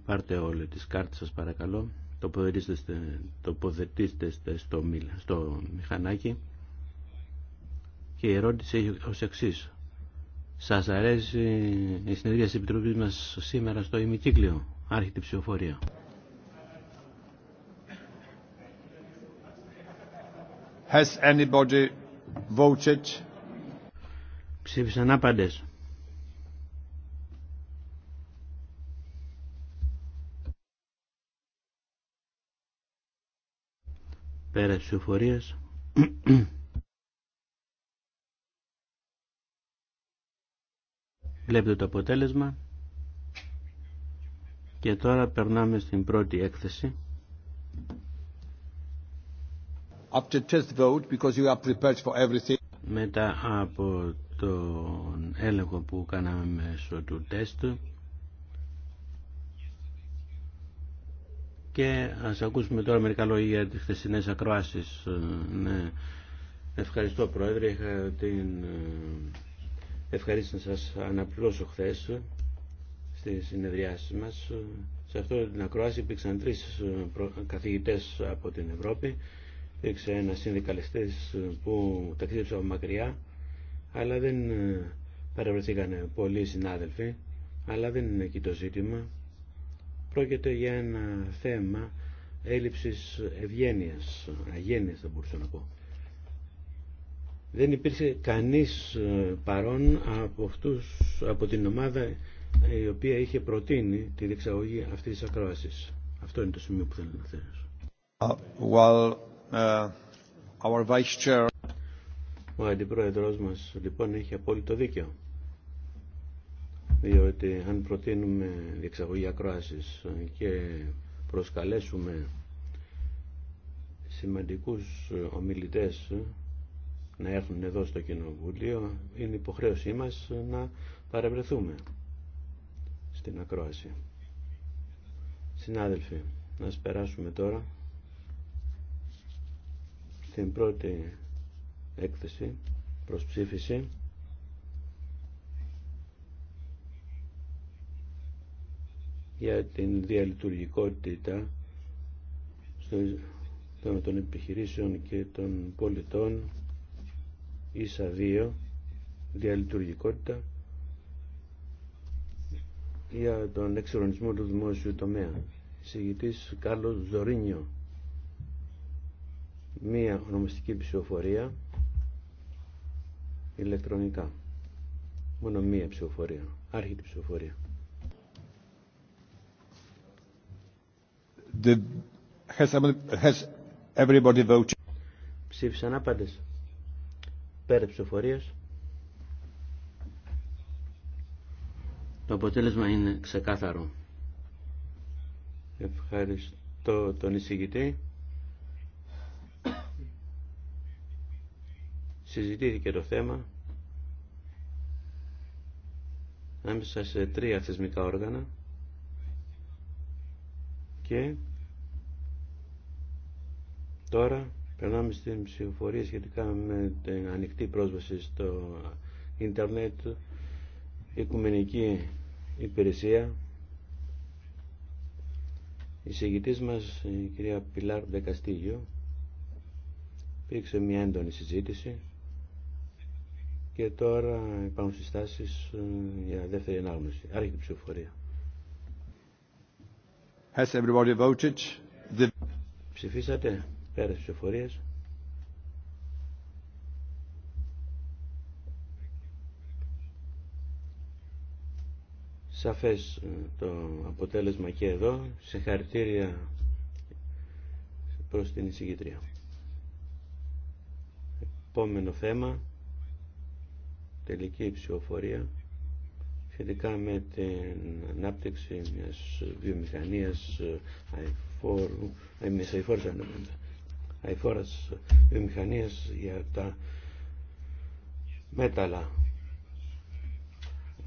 Πάρτε όλε τις κάρτες σας παρακαλώ. Τοποθετήστε, τοποθετήστε στο, στο μηχανάκι. Και η ερώτηση έχει ως εξής. Σας αρέσει η συνεδρία της Επιτροπής μας σήμερα στο ημικύκλιο. Άρχεται η ψηφοφορία. Has anybody voted? Ψήφισαν άπαντες. Πέρα της εφορίας. Βλέπετε το αποτέλεσμα. Και τώρα περνάμε στην πρώτη έκθεση. Μετά από τον έλεγχο που κάναμε μέσω του τεστ και ας ακούσουμε τώρα μερικά λόγια για τις χθεσινές ακροάσεις. Ε, ναι. Ευχαριστώ Πρόεδρε, είχα την ε, ευχαρίστηση να σας αναπληρώσω χθες στη συνεδριάση μας. Σε αυτό την ακροάση υπήρξαν τρεις ε, καθηγητές από την Ευρώπη υπήρξε ένα συνδικαλιστή που ταξίδεψε από μακριά αλλά δεν ε, παρευρεθήκαν πολλοί συνάδελφοι αλλά δεν είναι εκεί το ζήτημα πρόκειται για ένα θέμα έλλειψης ευγένειας αγένειας θα μπορούσα να πω δεν υπήρξε κανείς ε, παρόν από, αυτούς, από την ομάδα ε, η οποία είχε προτείνει τη διεξαγωγή αυτής της ακρόασης. Αυτό είναι το σημείο που θέλω να θέσω. Uh, Uh, Ο αντιπρόεδρος μας λοιπόν έχει απόλυτο δίκαιο. Διότι αν προτείνουμε διεξαγωγή ακρόασης και προσκαλέσουμε σημαντικούς ομιλητές να έρθουν εδώ στο Κοινοβούλιο, είναι υποχρέωσή μας να παρευρεθούμε στην ακρόαση. Συνάδελφοι, να περάσουμε τώρα στην πρώτη έκθεση προς ψήφιση για την διαλειτουργικότητα θέμα των επιχειρήσεων και των πολιτών ίσα δύο διαλειτουργικότητα για τον εξορονισμό του δημόσιου τομέα. Συγητής Κάρλος Ζωρίνιο μία ονομαστική ψηφοφορία ηλεκτρονικά. Μόνο μία ψηφοφορία. Άρχιτη ψηφοφορία. Has, has everybody voted? Ψήφισαν άπαντες. Πέρα ψηφοφορίας. Το αποτέλεσμα είναι ξεκάθαρο. Ευχαριστώ τον εισηγητή. συζητήθηκε το θέμα ανάμεσα σε τρία θεσμικά όργανα και τώρα περνάμε στην ψηφοφορία σχετικά με την ανοιχτή πρόσβαση στο ίντερνετ οικουμενική υπηρεσία η συγητής μας η κυρία Πιλάρ Δεκαστήγιο υπήρξε μια έντονη συζήτηση και τώρα υπάρχουν συστάσεις ε, για δεύτερη ανάγνωση. Άρχεται ψηφοφορία. Has everybody voted? Ψηφίσατε πέρα της ψηφοφορίας. Σαφές ε, το αποτέλεσμα και εδώ. Σε χαρτίρια προς την εισηγητρία. Επόμενο θέμα τελική ψηφοφορία σχετικά με την ανάπτυξη μιας βιομηχανίας αηφόρου, ε, μιας αηφόρας βιομηχανίας για τα μέταλλα.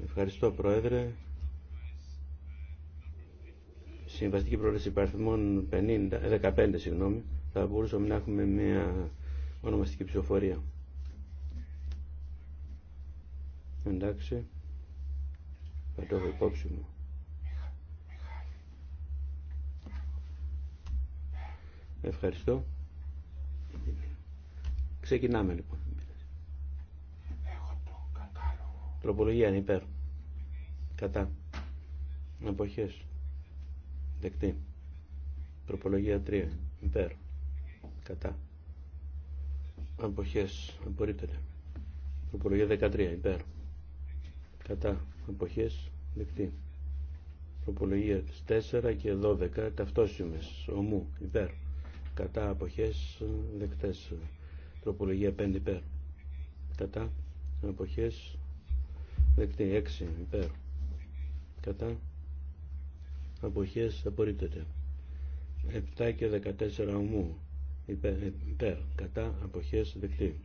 Ευχαριστώ Πρόεδρε. Συμβαστική πρόληψη 50, 15 συγγνώμη, θα μπορούσαμε να έχουμε μια ονομαστική ψηφοφορία. Εντάξει. Θα το έχω υπόψη μου. Ευχαριστώ. Ξεκινάμε λοιπόν. Τροπολογία είναι υπέρ. Κατά. Αποχές. Δεκτή. Τροπολογία 3. Υπέρ. Κατά. Αποχές. Απορρίπτεται. Τροπολογία 13. Υπέρ κατά εποχές δεκτή τροπολογία 4 και 12 ταυτόσιμες ομού υπέρ κατά εποχές δεκτές τροπολογία 5 υπέρ κατά αποχές δεκτή 6 υπέρ κατά αποχές απορρίπτεται 7 και 14 ομού υπέρ, υπέρ κατά αποχές δεκτή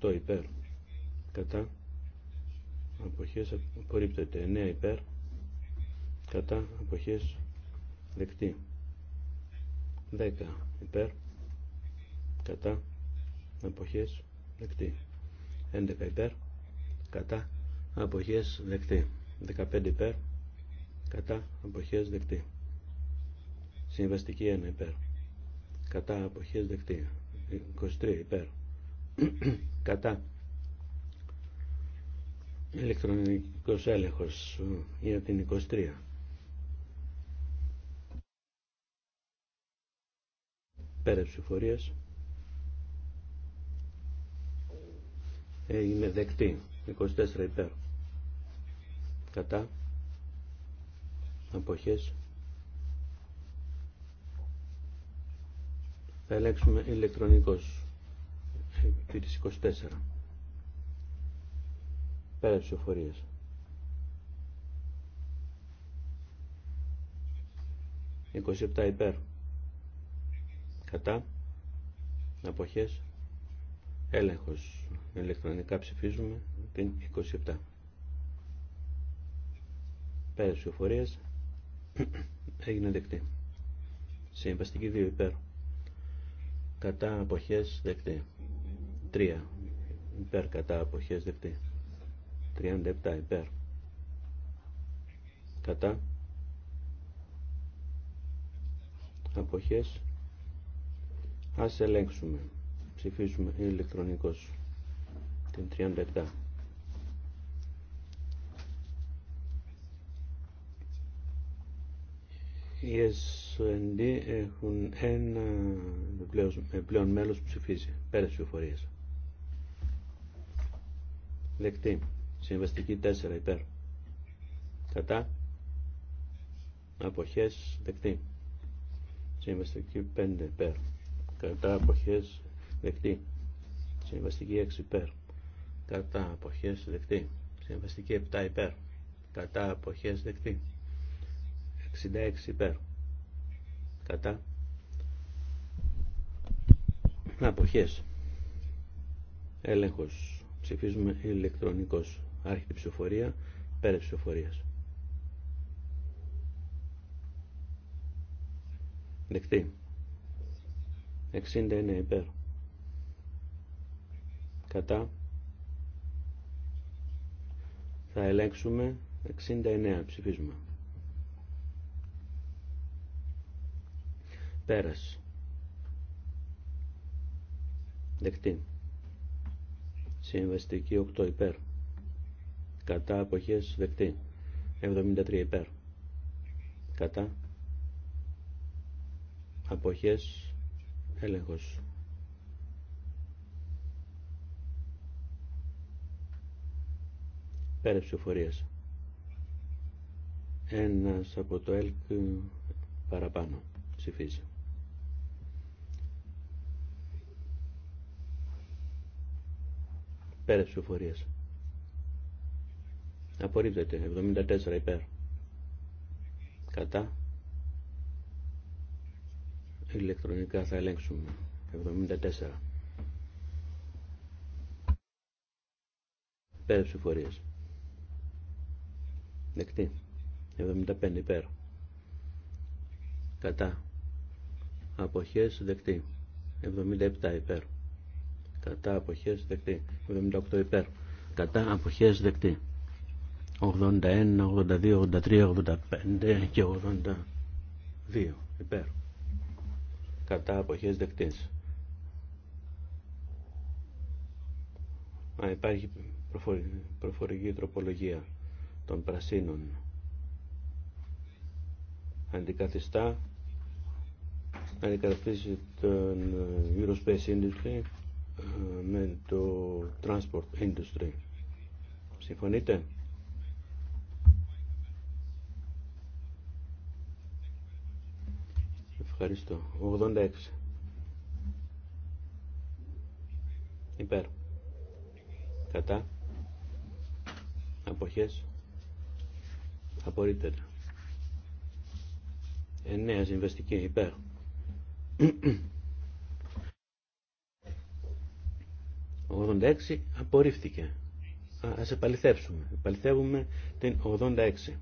8 υπέρ κατά αποχές απορρίπτεται 9 υπέρ κατά αποχές δεκτή 10 υπέρ κατά αποχές δεκτή 11 υπέρ κατά αποχές δεκτή 15 υπέρ κατά αποχές δεκτή συμβαστική 1 υπέρ κατά αποχές δεκτή 23 υπέρ κατά ηλεκτρονικός έλεγχος για την 23. Πέρα ψηφορίας έγινε δεκτή 24 υπέρ κατά αποχές θα ελέγξουμε ηλεκτρονικός επί 24 Πέρα τις 27 υπέρ. Κατά. Αποχές. Έλεγχος. Ελεκτρονικά ψηφίζουμε την 27. Πέρα της Έγινε δεκτή. Συμβαστική 2 υπέρ. Κατά αποχές δεκτή. 3. Υπέρ κατά αποχές δεκτή. 37 υπέρ κατά αποχές ας ελέγξουμε ψηφίσουμε ηλεκτρονικός την 37 Οι S&D έχουν ένα πλέον ε, μέλος ψηφίσει ψηφίζει, πέρασε οι Δεκτή. Συμβαστική 4 υπέρ. Κατά. Αποχές δεκτή. Συμβαστική 5 υπέρ. Κατά αποχές δεκτή. Συμβαστική 6 υπέρ. Κατά αποχές δεκτή. Συμβαστική 7 υπέρ. Κατά αποχές δεκτή. 66 υπέρ. Κατά αποχές. Έλεγχος. Ψηφίζουμε ηλεκτρονικός άρχιτη ψηφοφορία, πέρα ψηφοφορίας. Δεκτή. 69 υπέρ. Κατά. Θα ελέγξουμε 69. ψηφίσμα. Πέρας. Δεκτή. Συμβαστική 8 υπέρ κατά αποχές δεκτή 73 υπέρ κατά αποχές έλεγχος πέρα ψηφορίας ένας από το ΕΛΚ παραπάνω ψηφίζει πέρα ψηφορίας απορρίπτεται 74 υπέρ κατά ηλεκτρονικά θα ελέγξουμε 74 Υπέρ ψηφορίας δεκτή 75 υπέρ κατά αποχές δεκτή 77 υπέρ κατά αποχές δεκτή 78 υπέρ κατά αποχές δεκτή 81, 82, 83, 85 και 82 υπέρ κατά αποχές δεκτής. Α, υπάρχει προφορική τροπολογία των πρασίνων. Αντικαθιστά αντικαταστήσει τον ε, Eurospace Industry ε, με το Transport Industry. Συμφωνείτε? Ευχαριστώ. 86. Υπέρ. Κατά. Αποχές. Απορρίπτεται. 9. Συμβεστική. Υπέρ. 86 απορρίφθηκε. Α, ας επαληθεύσουμε. Επαληθεύουμε την 86.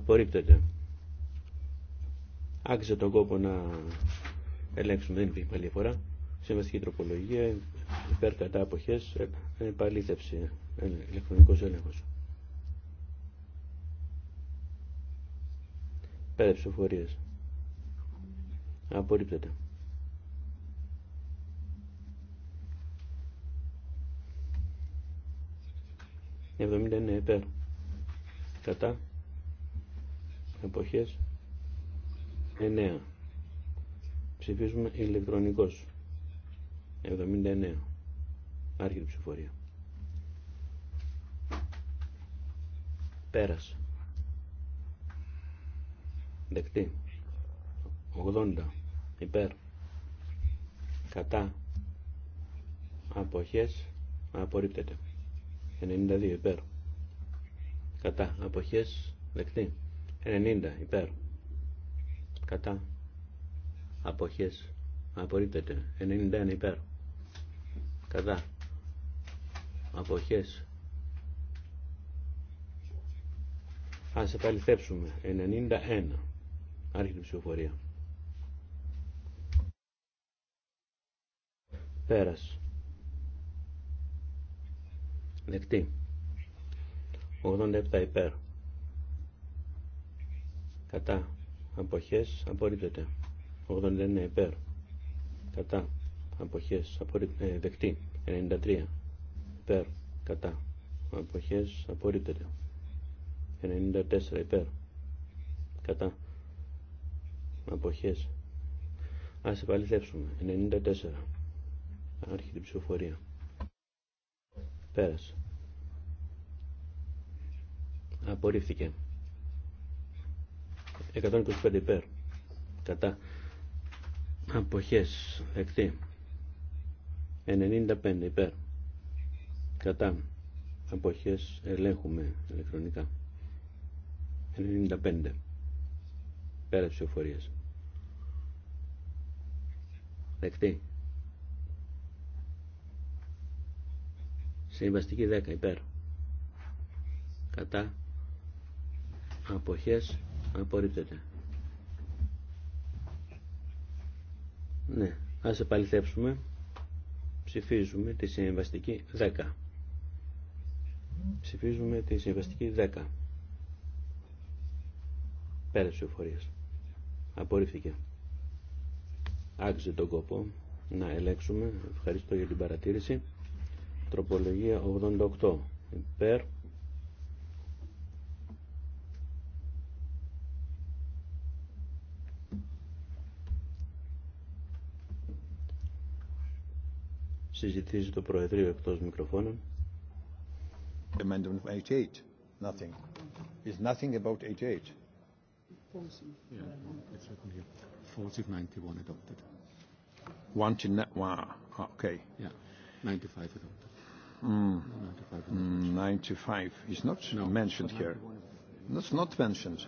απορρίπτεται. Άξιζε τον κόπο να ελέγξουμε, δεν υπήρχε πάλι φορά. Συμβαστική τροπολογία, υπέρ κατά αποχές, ε, επαλήθευση, ηλεκτρονικός έλεγχος. Πέρα ψηφοφορίες. Απορρίπτεται. Εβδομήντα είναι υπέρ. Κατά εποχές 9 ψηφίζουμε ηλεκτρονικός 79 άρχιτη ψηφορία πέρασε δεκτή 80 υπέρ κατά αποχές απορρίπτεται 92 υπέρ κατά αποχές δεκτή 90 υπέρ κατά αποχές απορρίπτεται 91 υπέρ κατά αποχές ας επαληθέψουμε 91 άρχιτη ψηφοφορία πέρας δεκτή 87 υπέρ κατά αποχές απορρίπτεται 89 ε, υπέρ κατά αποχές απορρίπτεται δεκτή 93 υπέρ κατά αποχές απορρίπτεται 94 υπέρ κατά αποχές ας επαληθεύσουμε 94 άρχιτη την ψηφοφορία πέρασε απορρίφθηκε 125 υπέρ κατά αποχές Εκτή. 95 υπέρ κατά αποχές ελέγχουμε ηλεκτρονικά 95 πέρα ψηφοφορίας δεκτή συμβαστική 10 υπέρ κατά αποχές Απορρίπτεται. Ναι, ας επαληθεύσουμε. Ψηφίζουμε τη συμβαστική 10. Ψηφίζουμε τη συμβαστική 10. Πέρασε ο Απορρίφθηκε. Άξιζε τον κόπο να ελέξουμε. Ευχαριστώ για την παρατήρηση. Τροπολογία 88. Υπέρ. συζητήσει το Προεδρείο εκτός μικροφώνων. Amendment 88. Nothing. Is nothing about 88. Yeah, it's written here. 4091 adopted. One to Wow. Okay. Yeah. 95 adopted. Mm. 95. Mm, 95. It's not no, mentioned here. That's not mentioned.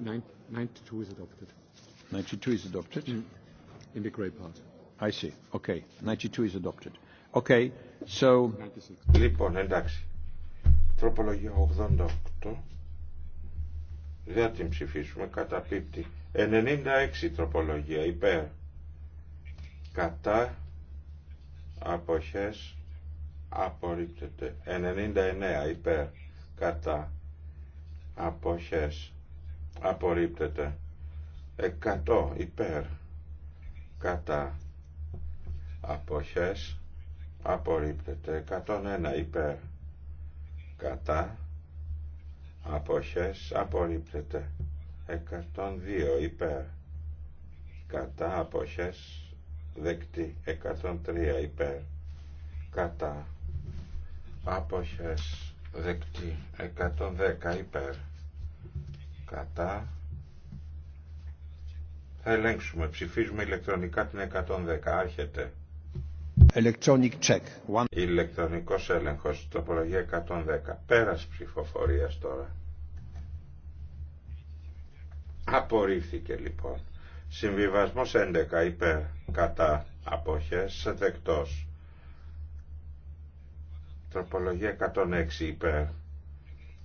92 is adopted. 92 is adopted. In the grey part. I 92 is adopted. Okay. Λοιπόν, εντάξει. Τροπολογία 88. Δεν την ψηφίσουμε. πίπτη 96 τροπολογία. Υπέρ. Κατά. Αποχές. Απορρίπτεται. 99 υπέρ. Κατά. Αποχές. Απορρίπτεται. 100 υπέρ. Κατά αποχές απορρίπτεται 101 υπέρ κατά αποχές απορρίπτεται 102 υπέρ κατά αποχές δεκτή 103 υπέρ κατά αποχές δεκτή 110 υπέρ κατά θα ελέγξουμε ψηφίζουμε ηλεκτρονικά την 110 άρχεται Electronic check. One... Ηλεκτρονικός έλεγχος, τροπολογία 110. Πέρας ψηφοφορίας τώρα. Απορρίφθηκε λοιπόν. Συμβιβασμός 11 υπέρ κατά αποχές δεκτός. Τροπολογία 106 υπέρ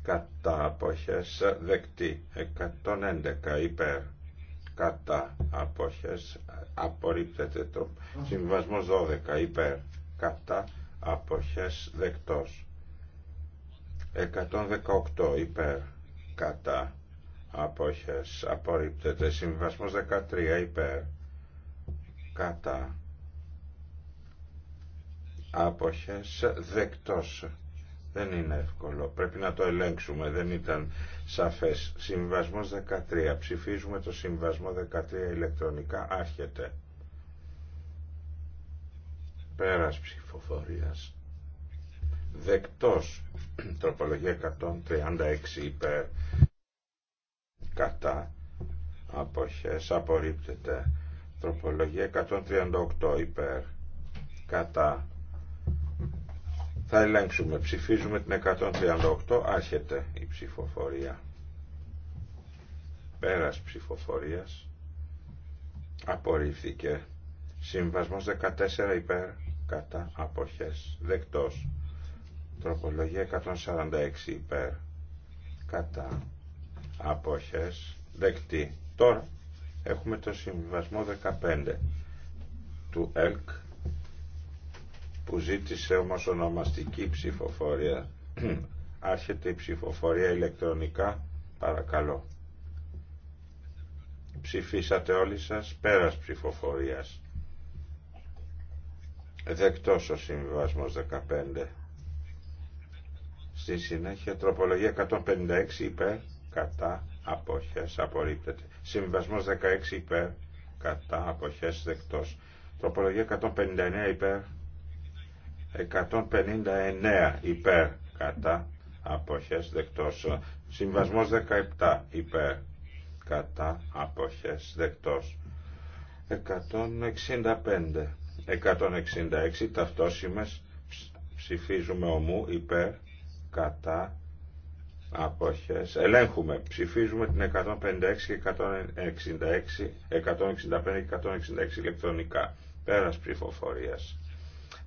κατά αποχές δεκτή. 111 υπέρ κατά αποχές απορρίπτεται το συμβασμός 12 υπέρ κατά αποχές δεκτός 118 υπέρ κατά αποχές απορρίπτεται συμβασμός 13 υπέρ κατά αποχές δεκτός δεν είναι εύκολο. Πρέπει να το ελέγξουμε. Δεν ήταν σαφές. Συμβασμός 13. Ψηφίζουμε το συμβασμό 13 ηλεκτρονικά. Άρχεται. Πέρας ψηφοφορίας. Δεκτός. Τροπολογία 136 υπέρ. Κατά. Αποχές. Απορρίπτεται. Τροπολογία 138 υπέρ. Κατά θα ελέγξουμε. Ψηφίζουμε την 138. Άρχεται η ψηφοφορία. Πέρας ψηφοφορίας. Απορρίφθηκε. Συμβασμός 14 υπέρ κατά αποχές. Δεκτός. Τροπολογία 146 υπέρ κατά αποχές. Δεκτή. Τώρα έχουμε το συμβασμό 15 του ΕΛΚ που ζήτησε όμως ονομαστική ψηφοφορία. Άρχεται η ψηφοφορία ηλεκτρονικά. Παρακαλώ. Ψηφίσατε όλοι σας πέρας ψηφοφορίας. Δεκτός ο συμβιβασμός 15. Στη συνέχεια τροπολογία 156 υπέρ, κατά, αποχές, απορρίπτεται. Συμβιβασμός 16 υπέρ, κατά, αποχές, δεκτός. Τροπολογία 159 υπέρ, 159 υπέρ κατά αποχές δεκτός συμβασμός 17 υπέρ κατά αποχές δεκτός 165 166 ταυτόσημες ψηφίζουμε ομού υπέρ κατά αποχές ελέγχουμε ψηφίζουμε την 156 και 166 165 και 166 ηλεκτρονικά πέρας ψηφοφορίας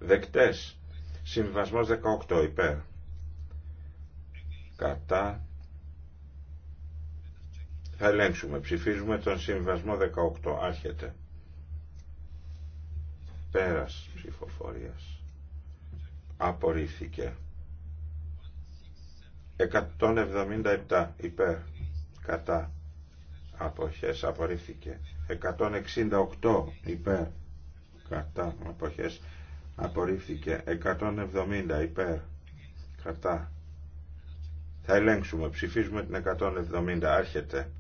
δεκτές. Συμβασμός 18 υπέρ. Κατά. Θα ελέγξουμε. Ψηφίζουμε τον συμβασμό 18. Άρχεται. Πέρας ψηφοφορίας. Απορρίφθηκε. 177 υπέρ. Κατά. Αποχές. Απορρίφθηκε. 168 υπέρ. Κατά. Αποχές απορρίφθηκε 170 υπέρ κατά θα ελέγξουμε ψηφίζουμε την 170 άρχεται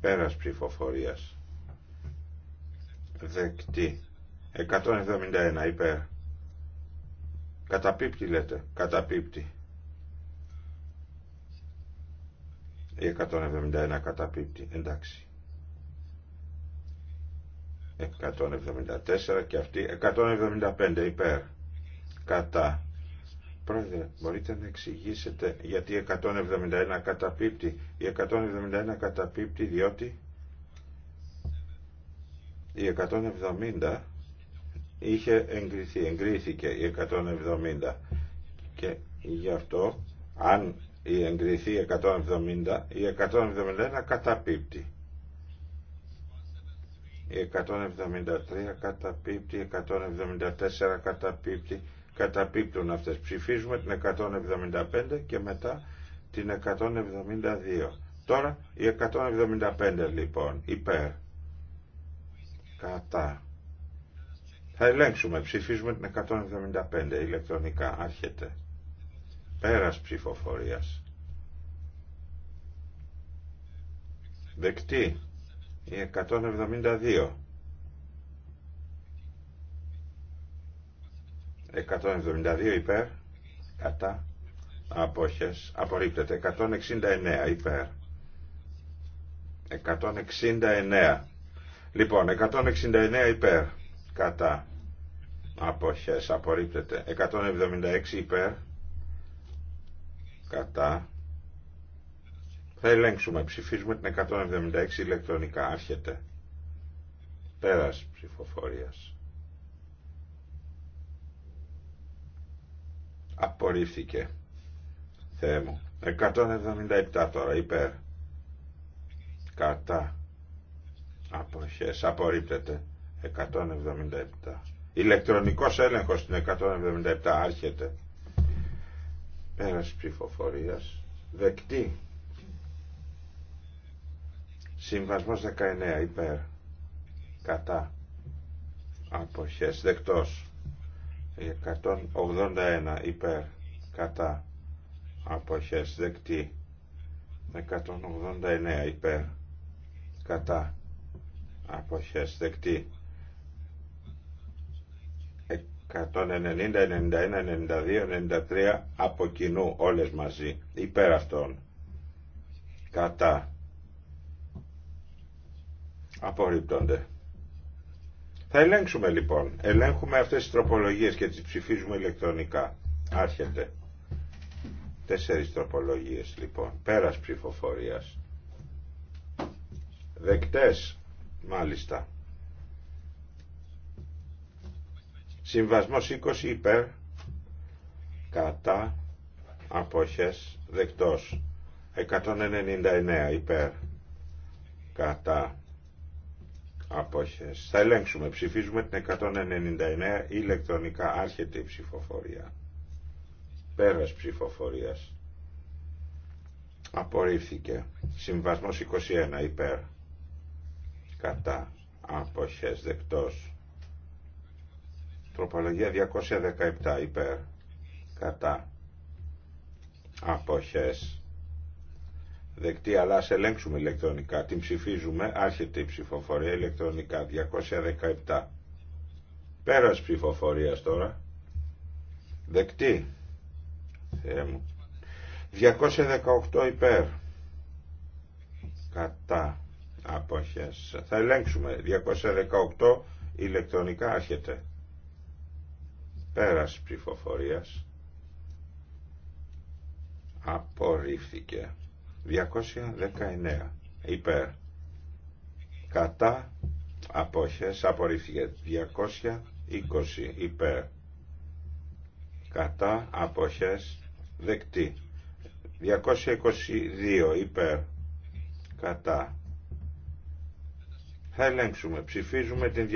πέρας ψηφοφορίας δεκτή 171 υπέρ καταπίπτει λέτε καταπίπτει η 171 καταπίπτει εντάξει 174 και αυτή 175 υπέρ κατά Πρόεδρε, μπορείτε να εξηγήσετε γιατί 171 καταπίπτει. Η 171 καταπίπτει διότι η 170 είχε εγκριθεί, εγκρίθηκε η 170 και γι' αυτό αν η εγκριθεί η 170 η 171 καταπίπτει. 173 καταπίπτει, 174 καταπίπτει, καταπίπτουν αυτές. Ψηφίζουμε την 175 και μετά την 172. Τώρα η 175 λοιπόν, υπέρ, κατά. Θα ελέγξουμε, ψηφίζουμε την 175 ηλεκτρονικά, άρχεται. Πέρας ψηφοφορίας. Δεκτή. 172. 172 υπέρ, κατά, απόχες, απορρίπτεται. 169 υπέρ. 169. Λοιπόν, 169 υπέρ, κατά, απόχες, απορρίπτεται. 176 υπέρ, κατά, θα ελέγξουμε. Ψηφίζουμε την 176 ηλεκτρονικά. Άρχεται. Πέρας ψηφοφορίας. Απορρίφθηκε. Θεέ μου. 177 τώρα. Υπέρ. Κατά. Αποχές. Απορρίπτεται. 177. Ηλεκτρονικός έλεγχος στην 177. Άρχεται. Πέρας ψηφοφορίας. Δεκτή. Συμβασμός 19 υπέρ κατά αποχές δεκτός 181 υπέρ κατά αποχές δεκτή 189 υπέρ κατά αποχές δεκτή 190, 91, 92, 93 από κοινού όλες μαζί υπέρ αυτών κατά Απορρίπτονται. Θα ελέγξουμε λοιπόν. Ελέγχουμε αυτές τις τροπολογίες και τις ψηφίζουμε ηλεκτρονικά. Άρχεται. Τέσσερις τροπολογίες λοιπόν. Πέρας ψηφοφορίας. Δεκτές. Μάλιστα. Συμβασμός 20 υπέρ. Κατά. Αποχές. Δεκτός. 199 υπέρ. Κατά απόχες. Θα ελέγξουμε. Ψηφίζουμε την 199 ηλεκτρονικά. Άρχεται η ψηφοφορία. Πέρας ψηφοφορίας. Απορρίφθηκε. Συμβασμός 21 υπέρ. Κατά. Απόχες. Δεκτός. Τροπολογία 217 υπέρ. Κατά. Απόχες δεκτή αλλά ας ελέγξουμε ηλεκτρονικά την ψηφίζουμε άρχεται η ψηφοφορία ηλεκτρονικά 217 πέρας ψηφοφορίας τώρα δεκτή Θεέ μου 218 υπέρ κατά αποχές θα ελέγξουμε 218 ηλεκτρονικά άρχεται πέρας ψηφοφορίας απορρίφθηκε 219 υπέρ κατά απόχες απορρίφθηκε 220 υπέρ κατά απόχες δεκτή 222 υπέρ κατά θα ελέγξουμε ψηφίζουμε την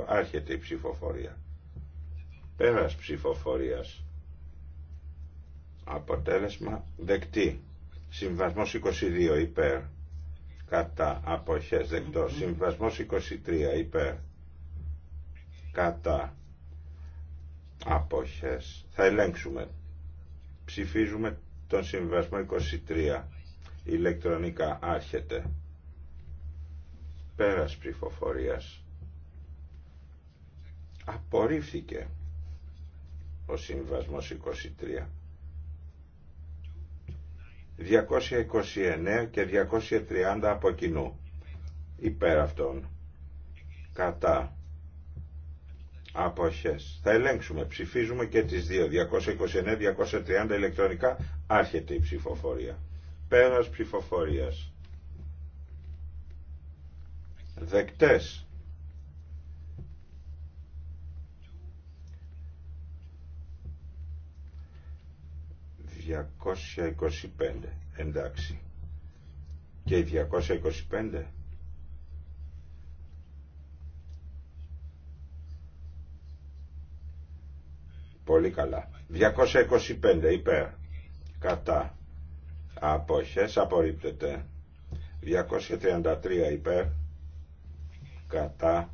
222 άρχεται η ψηφοφορία πέρας ψηφοφορίας αποτέλεσμα δεκτή Συμβασμός 22 υπέρ κατά αποχές δεκτό. Συμβασμός 23 υπέρ κατά αποχές. Θα ελέγξουμε. Ψηφίζουμε τον συμβασμό 23 ηλεκτρονικά άρχεται. Πέρας ψηφοφορίας. Απορρίφθηκε ο συμβασμός 23. 229 και 230 από κοινού. Υπέρ αυτών. Κατά. Αποχές. Θα ελέγξουμε. Ψηφίζουμε και τις δύο. 229-230 ηλεκτρονικά. Άρχεται η ψηφοφορία. Πέρας ψηφοφορίας. Δεκτές. 225 εντάξει και η 225 πολύ καλά 225 υπέρ κατά αποχές απορρίπτεται 233 υπέρ κατά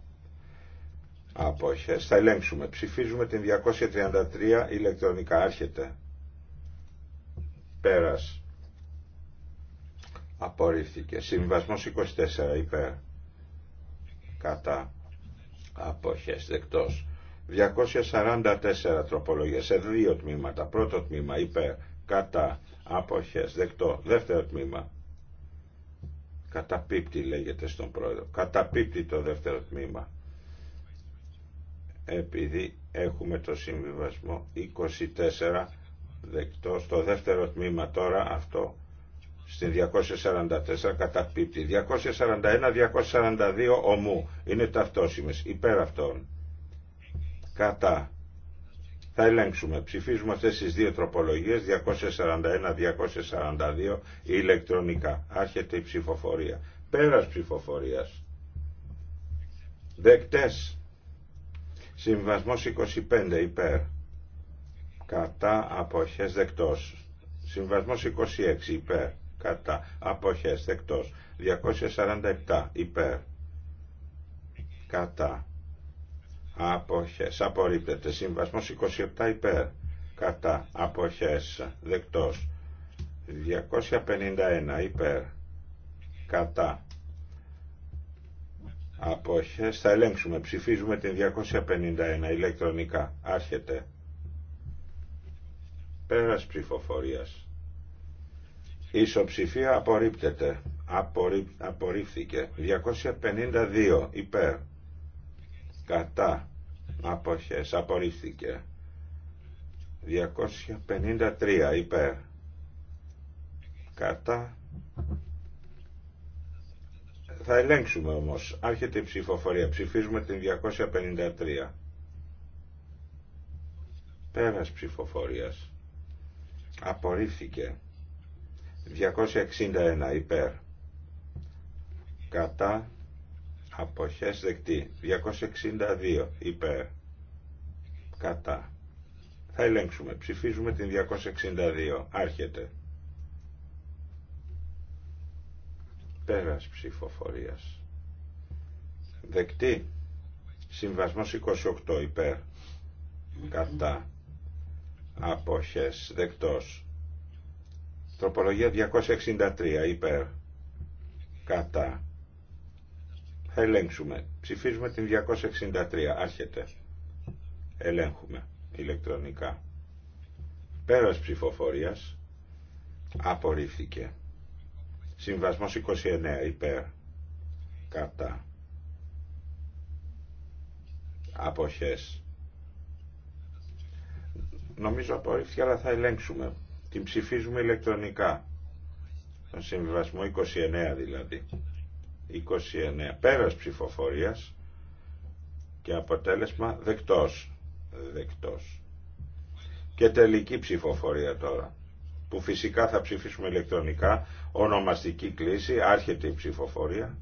αποχές θα ελέγξουμε ψηφίζουμε την 233 ηλεκτρονικά άρχεται Πέρας. Απορρίφθηκε. Συμβασμός 24 υπέρ. Κατά. Αποχές δεκτός. 244 τροπολογία σε δύο τμήματα. Πρώτο τμήμα υπέρ. Κατά. Αποχές δεκτό. Δεύτερο τμήμα. Καταπίπτει λέγεται στον πρόεδρο. Καταπίπτει το δεύτερο τμήμα. Επειδή έχουμε το συμβιβασμό 24 δεκτό στο δεύτερο τμήμα τώρα αυτό στην 244 καταπίπτει 241-242 ομού είναι ταυτόσιμες υπέρ αυτών κατά θα ελέγξουμε ψηφίζουμε αυτές τις δύο τροπολογίες 241-242 ηλεκτρονικά άρχεται η ψηφοφορία πέρας ψηφοφορίας δεκτές συμβασμός 25 υπέρ κατά αποχές δεκτός. Συμβασμός 26 υπέρ, κατά αποχές δεκτός. 247 υπέρ, κατά αποχές απορρίπτεται. Συμβασμός 27 υπέρ, κατά αποχές δεκτός. 251 υπέρ, κατά αποχές θα ελέγξουμε. Ψηφίζουμε την 251 ηλεκτρονικά. Άρχεται. Πέρας ψηφοφορίας. Η ισοψηφία απορρίπτεται. απορρίφθηκε. 252 υπέρ. Κατά. Αποχές. Απορρίφθηκε. 253 υπέρ. Κατά. Θα ελέγξουμε όμως. Άρχεται η ψηφοφορία. Ψηφίζουμε την 253. Πέρας ψηφοφορίας απορρίφθηκε 261 υπέρ κατά αποχές δεκτή 262 υπέρ κατά θα ελέγξουμε ψηφίζουμε την 262 άρχεται πέρας ψηφοφορίας δεκτή συμβασμός 28 υπέρ κατά αποχές δεκτός τροπολογία 263 υπέρ κατά θα ελέγξουμε ψηφίζουμε την 263 άρχεται ελέγχουμε ηλεκτρονικά πέρας ψηφοφορίας απορρίφθηκε συμβασμός 29 υπέρ κατά αποχές Νομίζω απορρίφθηκε, αλλά θα ελέγξουμε. Την ψηφίζουμε ηλεκτρονικά. Τον συμβιβασμό 29 δηλαδή. 29. Πέρας ψηφοφορίας και αποτέλεσμα δεκτός. Δεκτός. Και τελική ψηφοφορία τώρα που φυσικά θα ψηφίσουμε ηλεκτρονικά, ονομαστική κλίση, άρχεται η ψηφοφορία.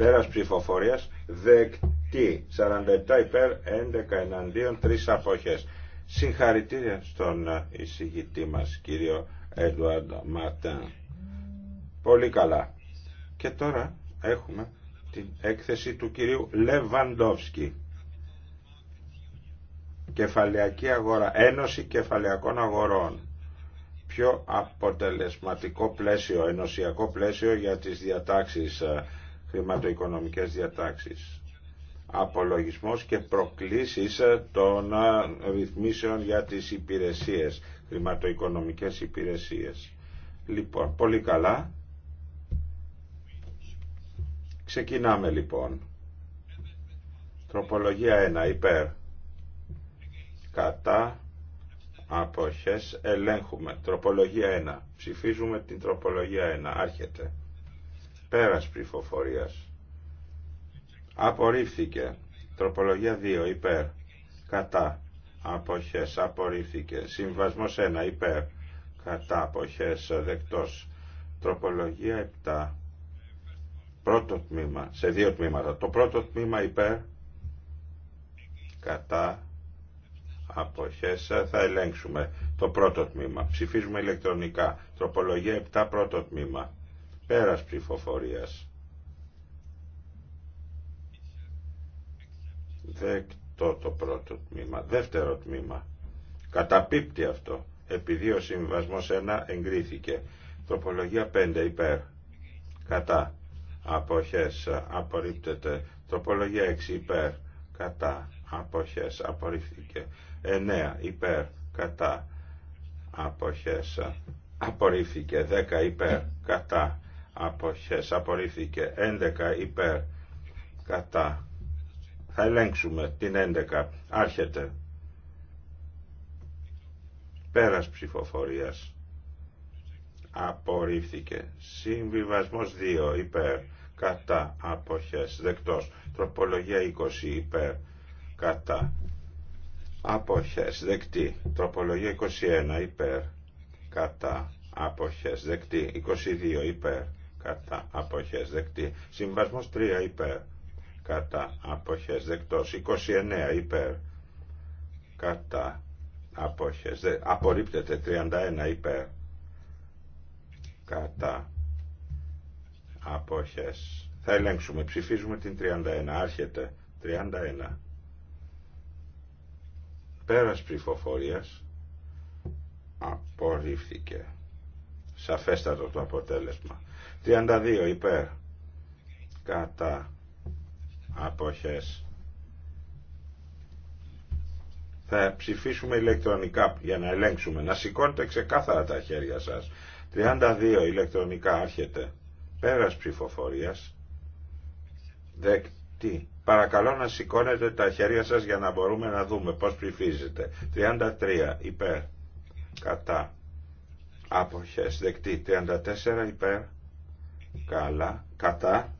Πέρας ψηφοφορίας δεκτή. 47 υπέρ 11 εναντίον 3 αποχές. Συγχαρητήρια στον ε, εισηγητή μας κύριο Εντουάρντ Μαρτάν. Πολύ καλά. Και τώρα έχουμε την έκθεση του κυρίου Λεβαντόφσκι. Κεφαλαιακή αγορά, Ένωση Κεφαλαιακών Αγορών. Πιο αποτελεσματικό πλαίσιο, ενωσιακό πλαίσιο για τις διατάξεις ε, χρηματοοικονομικές διατάξεις. Απολογισμός και προκλήσεις ε, των ε, ρυθμίσεων για τις υπηρεσίες, χρηματοοικονομικές υπηρεσίες. Λοιπόν, πολύ καλά. Ξεκινάμε λοιπόν. Τροπολογία 1. Υπέρ. Κατά. Αποχές. Ελέγχουμε. Τροπολογία 1. Ψηφίζουμε την τροπολογία 1. Άρχεται. Πέρας ψηφοφορίας. Απορρίφθηκε. Τροπολογία 2 υπέρ. Κατά. Αποχές. Απορρίφθηκε. Συμβασμός 1 υπέρ. Κατά. Αποχές. Δεκτός. Τροπολογία 7. Πρώτο τμήμα. Σε δύο τμήματα. Το πρώτο τμήμα υπέρ. Κατά. Αποχές. Θα ελέγξουμε το πρώτο τμήμα. Ψηφίζουμε ηλεκτρονικά. Τροπολογία 7 πρώτο τμήμα. Πέρας ψηφοφορίας. Δεκτό το πρώτο τμήμα. Δεύτερο τμήμα. Καταπίπτει αυτό. Επειδή ο συμβασμός 1 εγκρίθηκε. Τροπολογία 5 υπέρ. Κατά. Αποχές. Απορρίπτεται. Τροπολογία 6 υπέρ. Κατά. Αποχές. Απορρίφθηκε. 9 υπέρ. Κατά. Αποχές. Απορρίφθηκε. 10 υπέρ. Κατά αποχές απορρίφθηκε 11 υπέρ κατά θα ελέγξουμε την 11 άρχεται πέρας ψηφοφορίας απορρίφθηκε συμβιβασμός 2 υπέρ κατά αποχές δεκτός τροπολογία 20 υπέρ κατά αποχές δεκτή τροπολογία 21 υπέρ κατά αποχές δεκτή 22 υπέρ κατά αποχές δεκτή. Συμβασμός 3 υπέρ κατά αποχές δεκτός. 29 υπέρ κατά αποχές δε, απορρίπτεται 31 υπέρ κατά αποχές θα ελέγξουμε ψηφίζουμε την 31 άρχεται 31 πέρας ψηφοφορίας απορρίφθηκε σαφέστατο το αποτέλεσμα 32 υπέρ κατά αποχές θα ψηφίσουμε ηλεκτρονικά για να ελέγξουμε να σηκώνετε ξεκάθαρα τα χέρια σας 32 ηλεκτρονικά άρχεται πέρας ψηφοφορίας δεκτή παρακαλώ να σηκώνετε τα χέρια σας για να μπορούμε να δούμε πως ψηφίζετε 33 υπέρ κατά αποχές δεκτή 34 υπέρ Καλά. Κατά.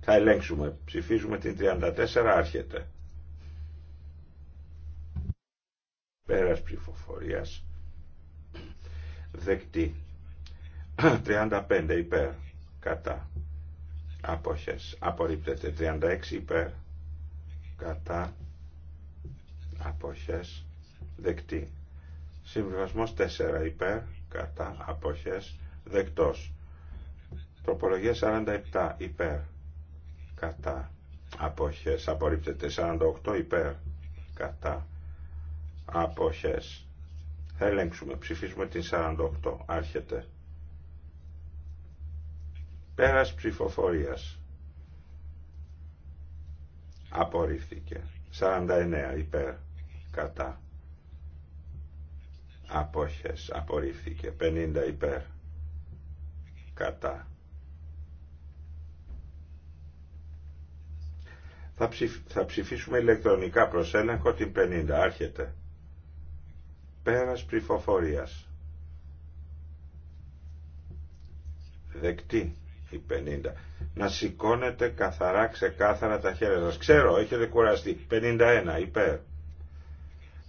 Θα ελέγξουμε. Ψηφίζουμε την 34. Άρχεται. Πέρας ψηφοφορίας. Δεκτή. 35 υπέρ. Κατά. Απόχες. Απορρίπτεται. 36 υπέρ. Κατά. Απόχες. Δεκτή. Συμβιβασμός 4 υπέρ. Κατά. Απόχες. Δεκτός. Προπολογία 47 υπέρ. Κατά. Αποχές. Απορρίπτεται. 48 υπέρ. Κατά. Αποχές. Θα ελέγξουμε. Ψηφίζουμε την 48. Άρχεται. Πέρας ψηφοφορίας. Απορρίφθηκε. 49 υπέρ. Κατά. Απόχες. Απορρίφθηκε. 50 υπέρ. Κατά Θα, ψηφ, θα ψηφίσουμε ηλεκτρονικά προς έλεγχο την 50. Άρχεται. Πέρας ψηφοφορίας. Δεκτή η 50. Να σηκώνετε καθαρά ξεκάθαρα τα χέρια σας. Ξέρω, έχετε κουραστεί. 51. Υπέρ.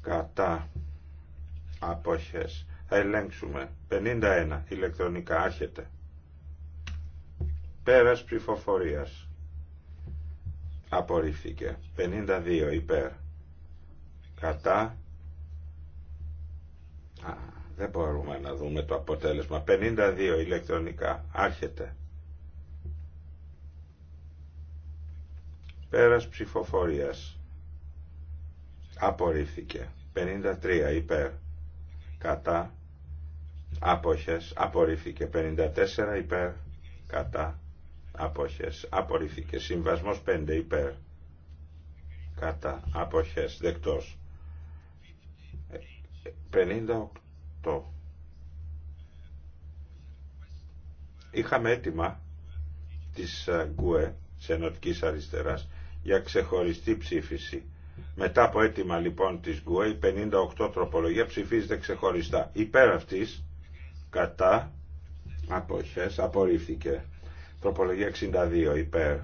Κατά. Αποχές. Θα ελέγξουμε. 51. Ηλεκτρονικά. Άρχεται. Πέρας ψηφοφορίας απορρίφθηκε 52 υπέρ κατά Α, δεν μπορούμε να δούμε το αποτέλεσμα 52 ηλεκτρονικά άρχεται πέρας ψηφοφορίας απορρίφθηκε 53 υπέρ κατά άποχες απορρίφθηκε 54 υπέρ κατά αποχές απορρίφθηκε συμβασμός 5 υπέρ κατά αποχές δεκτός 58 είχαμε έτοιμα της ε, ΓΚΟΕ της Ενωτικής Αριστεράς για ξεχωριστή ψήφιση μετά από έτοιμα λοιπόν της ΓΚΟΕ η 58 τροπολογία ψηφίζεται ξεχωριστά υπέρ αυτής κατά αποχές απορρίφθηκε Τροπολογία 62 υπέρ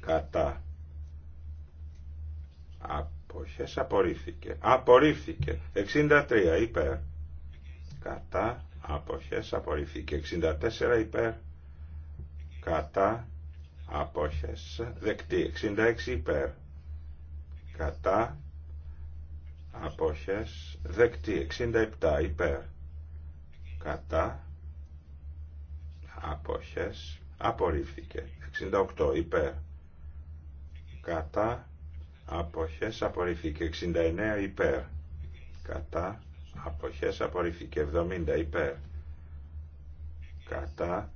κατά αποχές απορρίφθηκε. Απορρίφθηκε. 63 υπέρ κατά αποχές απορρίφθηκε. 64 υπέρ κατά απόχες δεκτή 66 υπέρ κατά απόχες δεκτή 67 υπέρ κατά αποχές απορρίφθηκε 68 υπέρ κατά αποχές απορρίφθηκε 69 υπέρ κατά αποχές απορρίφθηκε 70 υπέρ κατά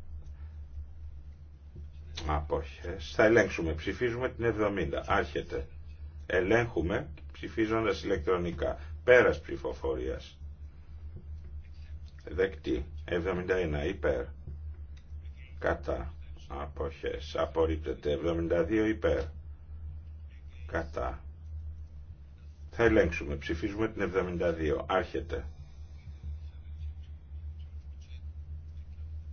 αποχές θα ελέγξουμε ψηφίζουμε την 70 άρχεται ελέγχουμε ψηφίζοντας ηλεκτρονικά πέρας ψηφοφορίας δεκτή 71 υπέρ κατά αποχές απορρίπτεται 72 υπέρ κατά θα ελέγξουμε ψηφίζουμε την 72 άρχεται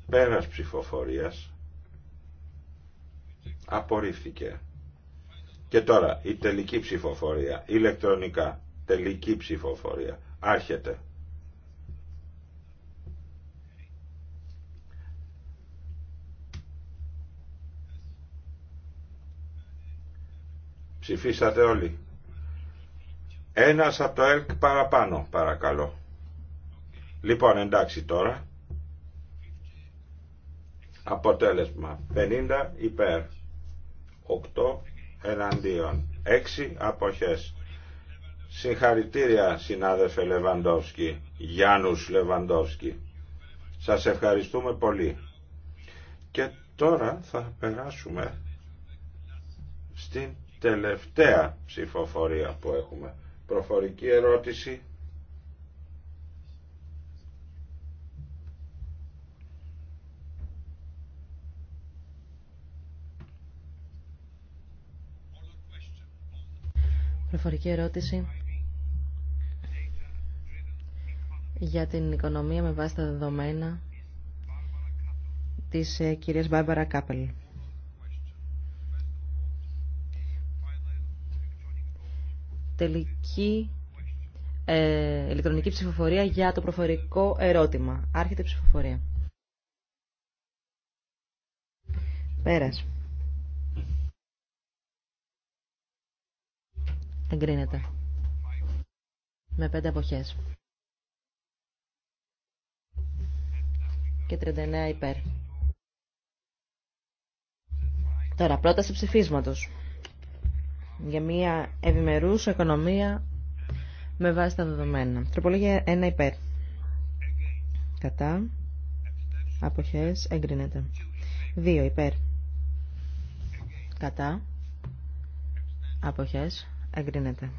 πέρας ψηφοφορίας απορρίφθηκε και τώρα η τελική ψηφοφορία ηλεκτρονικά τελική ψηφοφορία άρχεται Ψηφίσατε όλοι. Ένας από το ΕΛΚ παραπάνω, παρακαλώ. Λοιπόν, εντάξει τώρα. Αποτέλεσμα. 50 υπέρ. 8 εναντίον. 6 αποχές. Συγχαρητήρια συνάδελφε Λεβαντόφσκι, Γιάννους Λεβαντόφσκι. Σας ευχαριστούμε πολύ. Και τώρα θα περάσουμε στην τελευταία ψηφοφορία που έχουμε. Προφορική ερώτηση. Προφορική ερώτηση για την οικονομία με βάση τα δεδομένα της ε, κυρίας Μπάρμπαρα Κάπελ. τελική ε, ηλεκτρονική ψηφοφορία για το προφορικό ερώτημα. Άρχεται ψηφοφορία. Πέρας. Εγκρίνεται. Με πέντε αποχές. Και 39 υπέρ. Τώρα, πρόταση ψηφίσματος για μια ευημερούσα οικονομία με βάση τα δεδομένα. Τροπολογία 1 υπέρ. Κατά. Αποχές εγκρίνεται. 2 υπέρ. Κατά. Αποχές εγκρίνεται.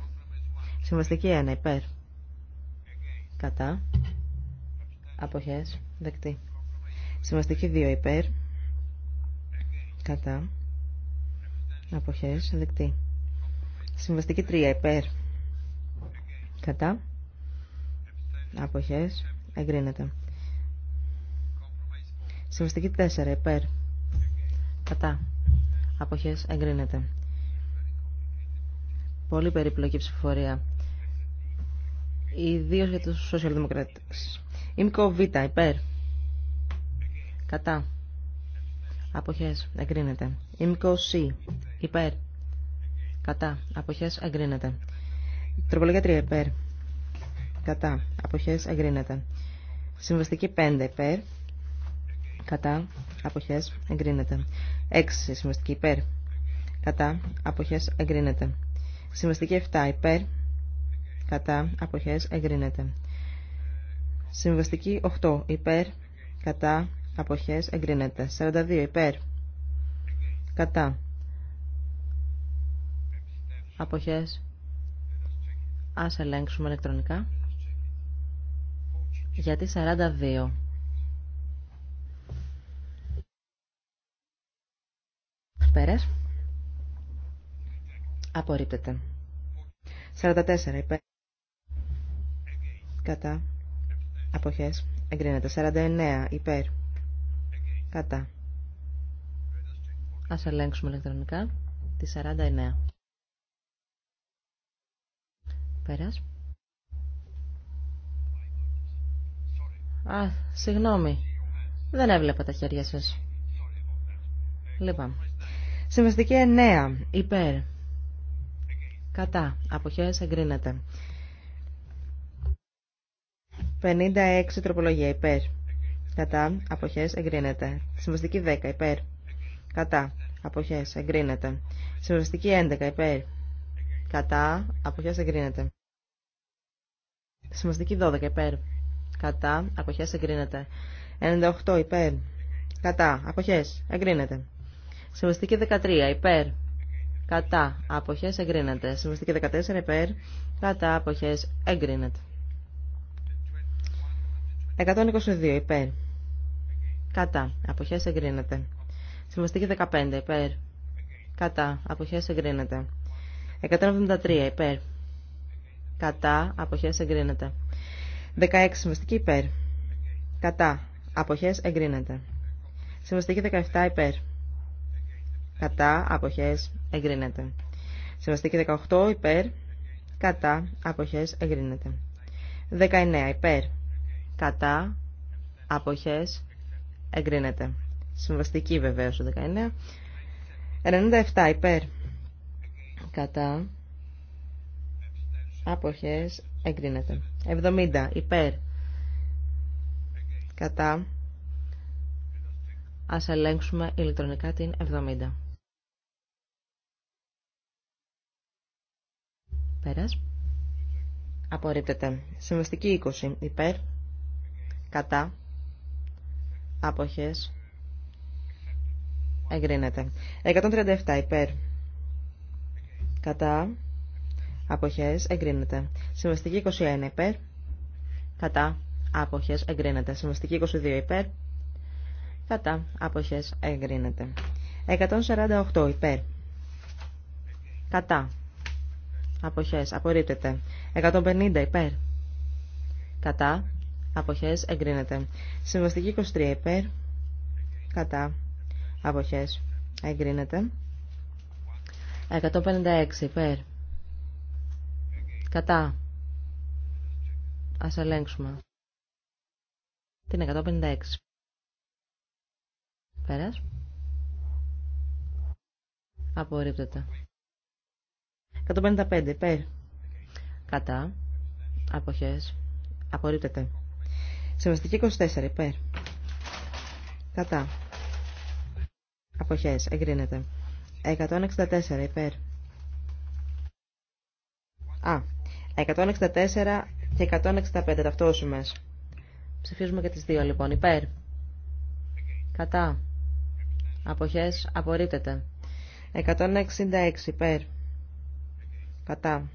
Συμβαστική 1 υπέρ. Κατά. Αποχές δεκτή. Συμβαστική 2 υπέρ. Κατά. Αποχές δεκτή. Συμβαστική τρία, υπέρ. Κατά. Αποχές. Εγκρίνεται. Συμβαστική τέσσερα, υπέρ. Κατά. Αποχές. Εγκρίνεται. Πολύ περίπλοκη ψηφοφορία. Ιδίω για τους σοσιαλδημοκράτες. Ήμικο Β υπέρ. Κατά. Αποχές. Εγκρίνεται. Ήμικο Σ υπέρ. Κατά. Αποχές εγκρίνεται. Τροπολογία 3 υπέρ. Κατά. Αποχές εγκρίνεται. Συμβαστική 5 υπέρ. Κατά. Αποχές εγκρίνεται. 6 συμβαστική υπέρ. Κατά. Αποχές εγκρίνεται. Συμβαστική 7 υπέρ. Κατά. Αποχές εγκρίνεται. Συμβαστική 8 υπέρ. Κατά. Αποχές εγκρίνεται. 42 υπέρ. Κατά αποχές ας ελέγξουμε ηλεκτρονικά γιατί 42 πέρας απορρίπτεται 44 υπέρ κατά αποχές εγκρίνεται 49 υπέρ κατά ας ελέγξουμε ηλεκτρονικά τη 49 Πέρας. Α, συγγνώμη. Δεν έβλεπα τα χέρια σας. Λοιπόν. Συμβαστική 9. Υπέρ. Κατά. Αποχές εγκρίνεται. 56 τροπολογία. Υπέρ. Κατά. Αποχές εγκρίνεται. Συμβαστική 10. Υπέρ. Κατά. Αποχές εγκρίνεται. Συμβαστική 11. Υπέρ. Κατά. Αποχές εγκρίνεται. Σημαστική 12 υπέρ. Κατά. Αποχές εγκρίνεται. 98 υπέρ. Κατά. Αποχές εγκρίνεται. Σημαστική 13 υπέρ. Κατά. Αποχές εγκρίνεται. Σημαστική 14 υπέρ. Κατά. Αποχές εγκρίνεται. 122 υπέρ. Κατά. Αποχές εγκρίνεται. Συμβαστική 15 υπέρ. Κατά. Αποχές εγκρίνεται. 173 υπέρ. Κατά απόχέ εγκρίνεται. 16 συμβαστική υπέρ. Κατά απόχέ, εγκρίνεται. Συμβαστική 17 υπέρ. Κατά απόχέ, εγκρίνεται. Συμβαστική 18 υπέρ. Κατά αποχέ εγκρίνεται. 19 υπέρ. Κατά αποχέ εγκρίνεται. Συμβαστική βεβαίω το 19. 97 υπέρ κατά αποχές εγκρίνεται 70 υπέρ κατά ας ελέγξουμε ηλεκτρονικά την 70 πέρας απορρίπτεται συμβαστική 20 υπέρ κατά αποχές εγκρίνεται 137 υπέρ κατά, αποχές, εγκρίνεται. Συμβαστική 21 υπέρ, κατά, αποχές, εγκρίνεται. Συμβαστική 22 υπέρ, κατά, αποχές, εγκρίνεται. 148 υπέρ, κατά, αποχές, απορρίπτεται. 150 υπέρ, κατά, αποχές, εγκρίνεται. Συμβαστική 23 υπέρ, κατά, αποχές, εγκρίνεται. 156 υπέρ. Κατά. Ας ελέγξουμε. Την 156. Πέρας. Απορρίπτεται. 155 υπέρ. Κατά. Αποχές. Απορρίπτεται. Σεβαστική 24 υπέρ. Κατά. Αποχές. Εγκρίνεται. 164 υπέρ. Α, 164 και 165 ταυτόσιμες. Ψηφίζουμε και τις δύο λοιπόν. Υπέρ. Κατά. Αποχές απορρίπτεται. 166 υπέρ. Κατά.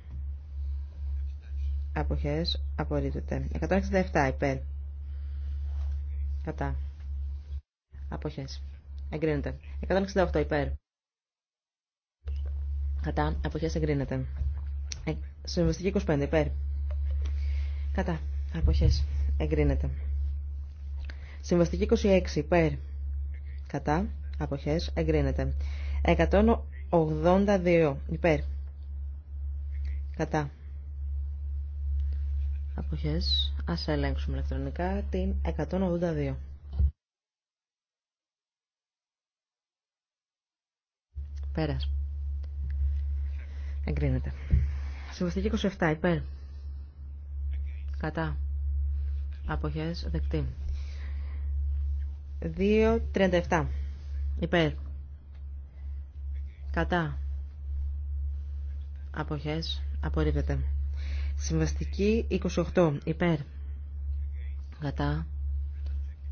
Αποχές απορρίπτεται. 167 υπέρ. Κατά. Αποχές. Εγκρίνεται. 168 υπέρ. Κατά. Αποχές εγκρίνεται. Ε, συμβαστική 25. Υπέρ. Κατά. Αποχές εγκρίνεται. Συμβαστική 26. Υπέρ. Κατά. Αποχές εγκρίνεται. 182. Υπέρ. Κατά. Αποχές. Ας ελέγξουμε ηλεκτρονικά την 182. Πέρας. Εγκρίνεται. Συμβαστική 27. Υπέρ. Κατά. Αποχές δεκτή. 2.37. Υπέρ. Κατά. Αποχές Απορρίβεται. Συμβαστική 28. Υπέρ. Κατά.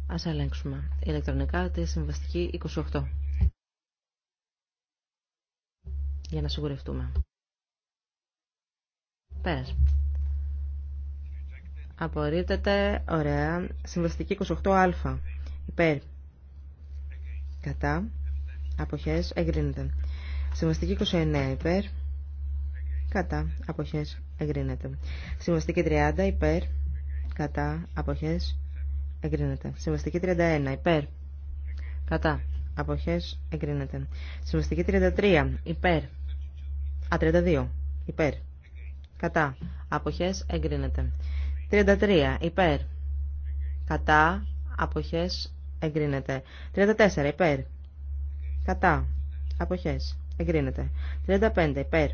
Ας ελέγξουμε. Ηλεκτρονικά τη συμβαστική 28. Για να σιγουρευτούμε. Πέρας. Απορρίπτεται. Ωραία. Συμβαστική 28α. Υπέρ. Κατά. Αποχές. Εγκρίνεται. Συμβαστική 29 υπέρ. Κατά. Αποχές. Εγκρίνεται. Συμβαστική 30 υπέρ. Κατά. Αποχές. Εγκρίνεται. Συμβαστική 31 υπέρ. Κατά. Αποχές. Εγκρίνεται. Συμβαστική 33 υπέρ. Α, 32 υπέρ. Κατά. Αποχές εγκρίνεται. 33. Υπέρ. Κατά. Αποχές εγκρίνεται. 34. Υπέρ. Κατά. Αποχές εγκρίνεται. 35. Υπέρ.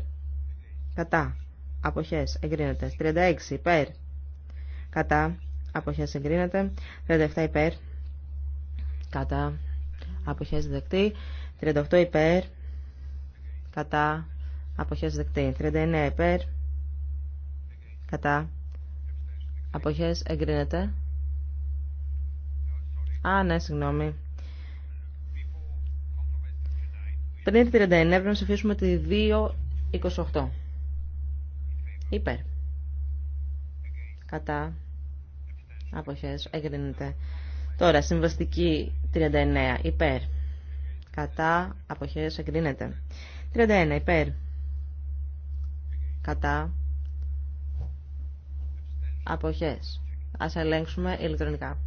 Κατά. Αποχές εγκρίνεται. 36. Υπέρ. Κατά. Αποχές εγκρίνεται. 37. Υπέρ. Κατά. Αποχές δεκτή. 38. Υπέρ. Κατά. Αποχές δεκτή. 39. Υπέρ. Κατά. Αποχές εγκρίνεται. Α, ναι, συγγνώμη. Πριν τη 39 πρέπει να ψηφίσουμε τη 2.28. Υπέρ. Κατά. Αποχές εγκρίνεται. Τώρα, συμβαστική 39. Υπέρ. Κατά. Αποχές εγκρίνεται. 31. Υπέρ. Κατά αποχές. Ας ελέγξουμε ηλεκτρονικά.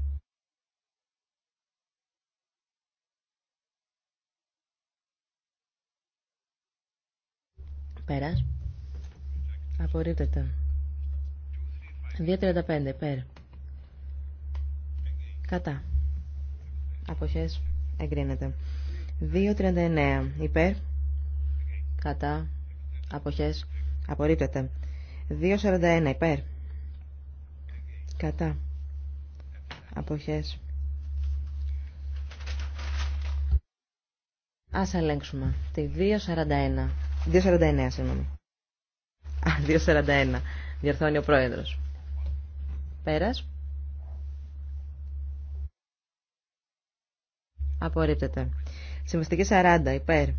Πέρας. Απορρίπτεται. 2.35. Πέρ. Κατά. Αποχές. Εγκρίνεται. 2.39. Υπέρ. Κατά. Αποχές. Απορρίπτεται. 2.41. Υπέρ κατά αποχές Ας ελέγξουμε τη 2.41 2.49 συγγνώμη Α, 2.41 διορθώνει ο πρόεδρος Πέρας Απορρίπτεται Συμβαστική 40 υπέρ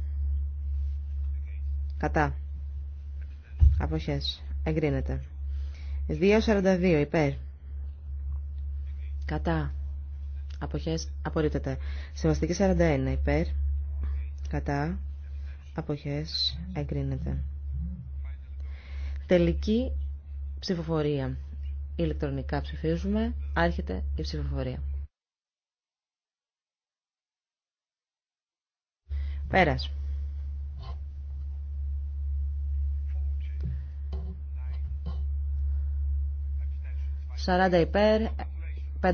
Κατά Αποχές Εγκρίνεται 2.42 υπέρ Κατά. Αποχές απορρίπτεται. Συμβαστική 41 υπέρ. Κατά. Αποχές εγκρίνεται. Τελική ψηφοφορία. Ηλεκτρονικά ψηφίζουμε. Άρχεται η ψηφοφορία. Πέρας. 40 υπέρ,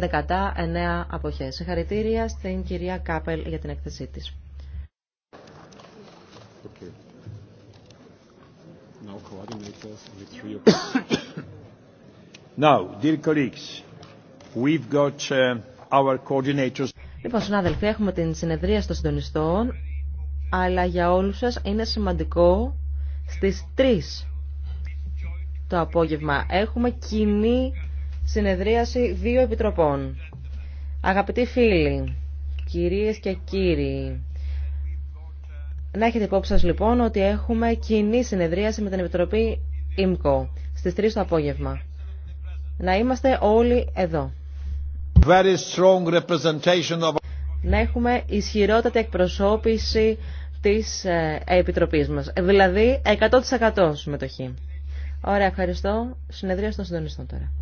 5 κατά, 9 αποχές. Συγχαρητήρια στην κυρία Κάπελ για την έκθεσή τη. Okay. Now, dear colleagues, we've got uh, our coordinators. Λοιπόν, συνάδελφοι, έχουμε την συνεδρία των συντονιστών, αλλά για όλους σας είναι σημαντικό στις 3 το απόγευμα. Έχουμε κοινή συνεδρίαση δύο επιτροπών. Αγαπητοί φίλοι, κυρίες και κύριοι, να έχετε υπόψη σας λοιπόν ότι έχουμε κοινή συνεδρίαση με την Επιτροπή ΙΜΚΟ στις 3 το απόγευμα. Να είμαστε όλοι εδώ. Να έχουμε ισχυρότατη εκπροσώπηση της ε, Επιτροπής μας. Ε, δηλαδή 100% συμμετοχή. Ωραία, ευχαριστώ. Συνεδρία των συντονιστών τώρα.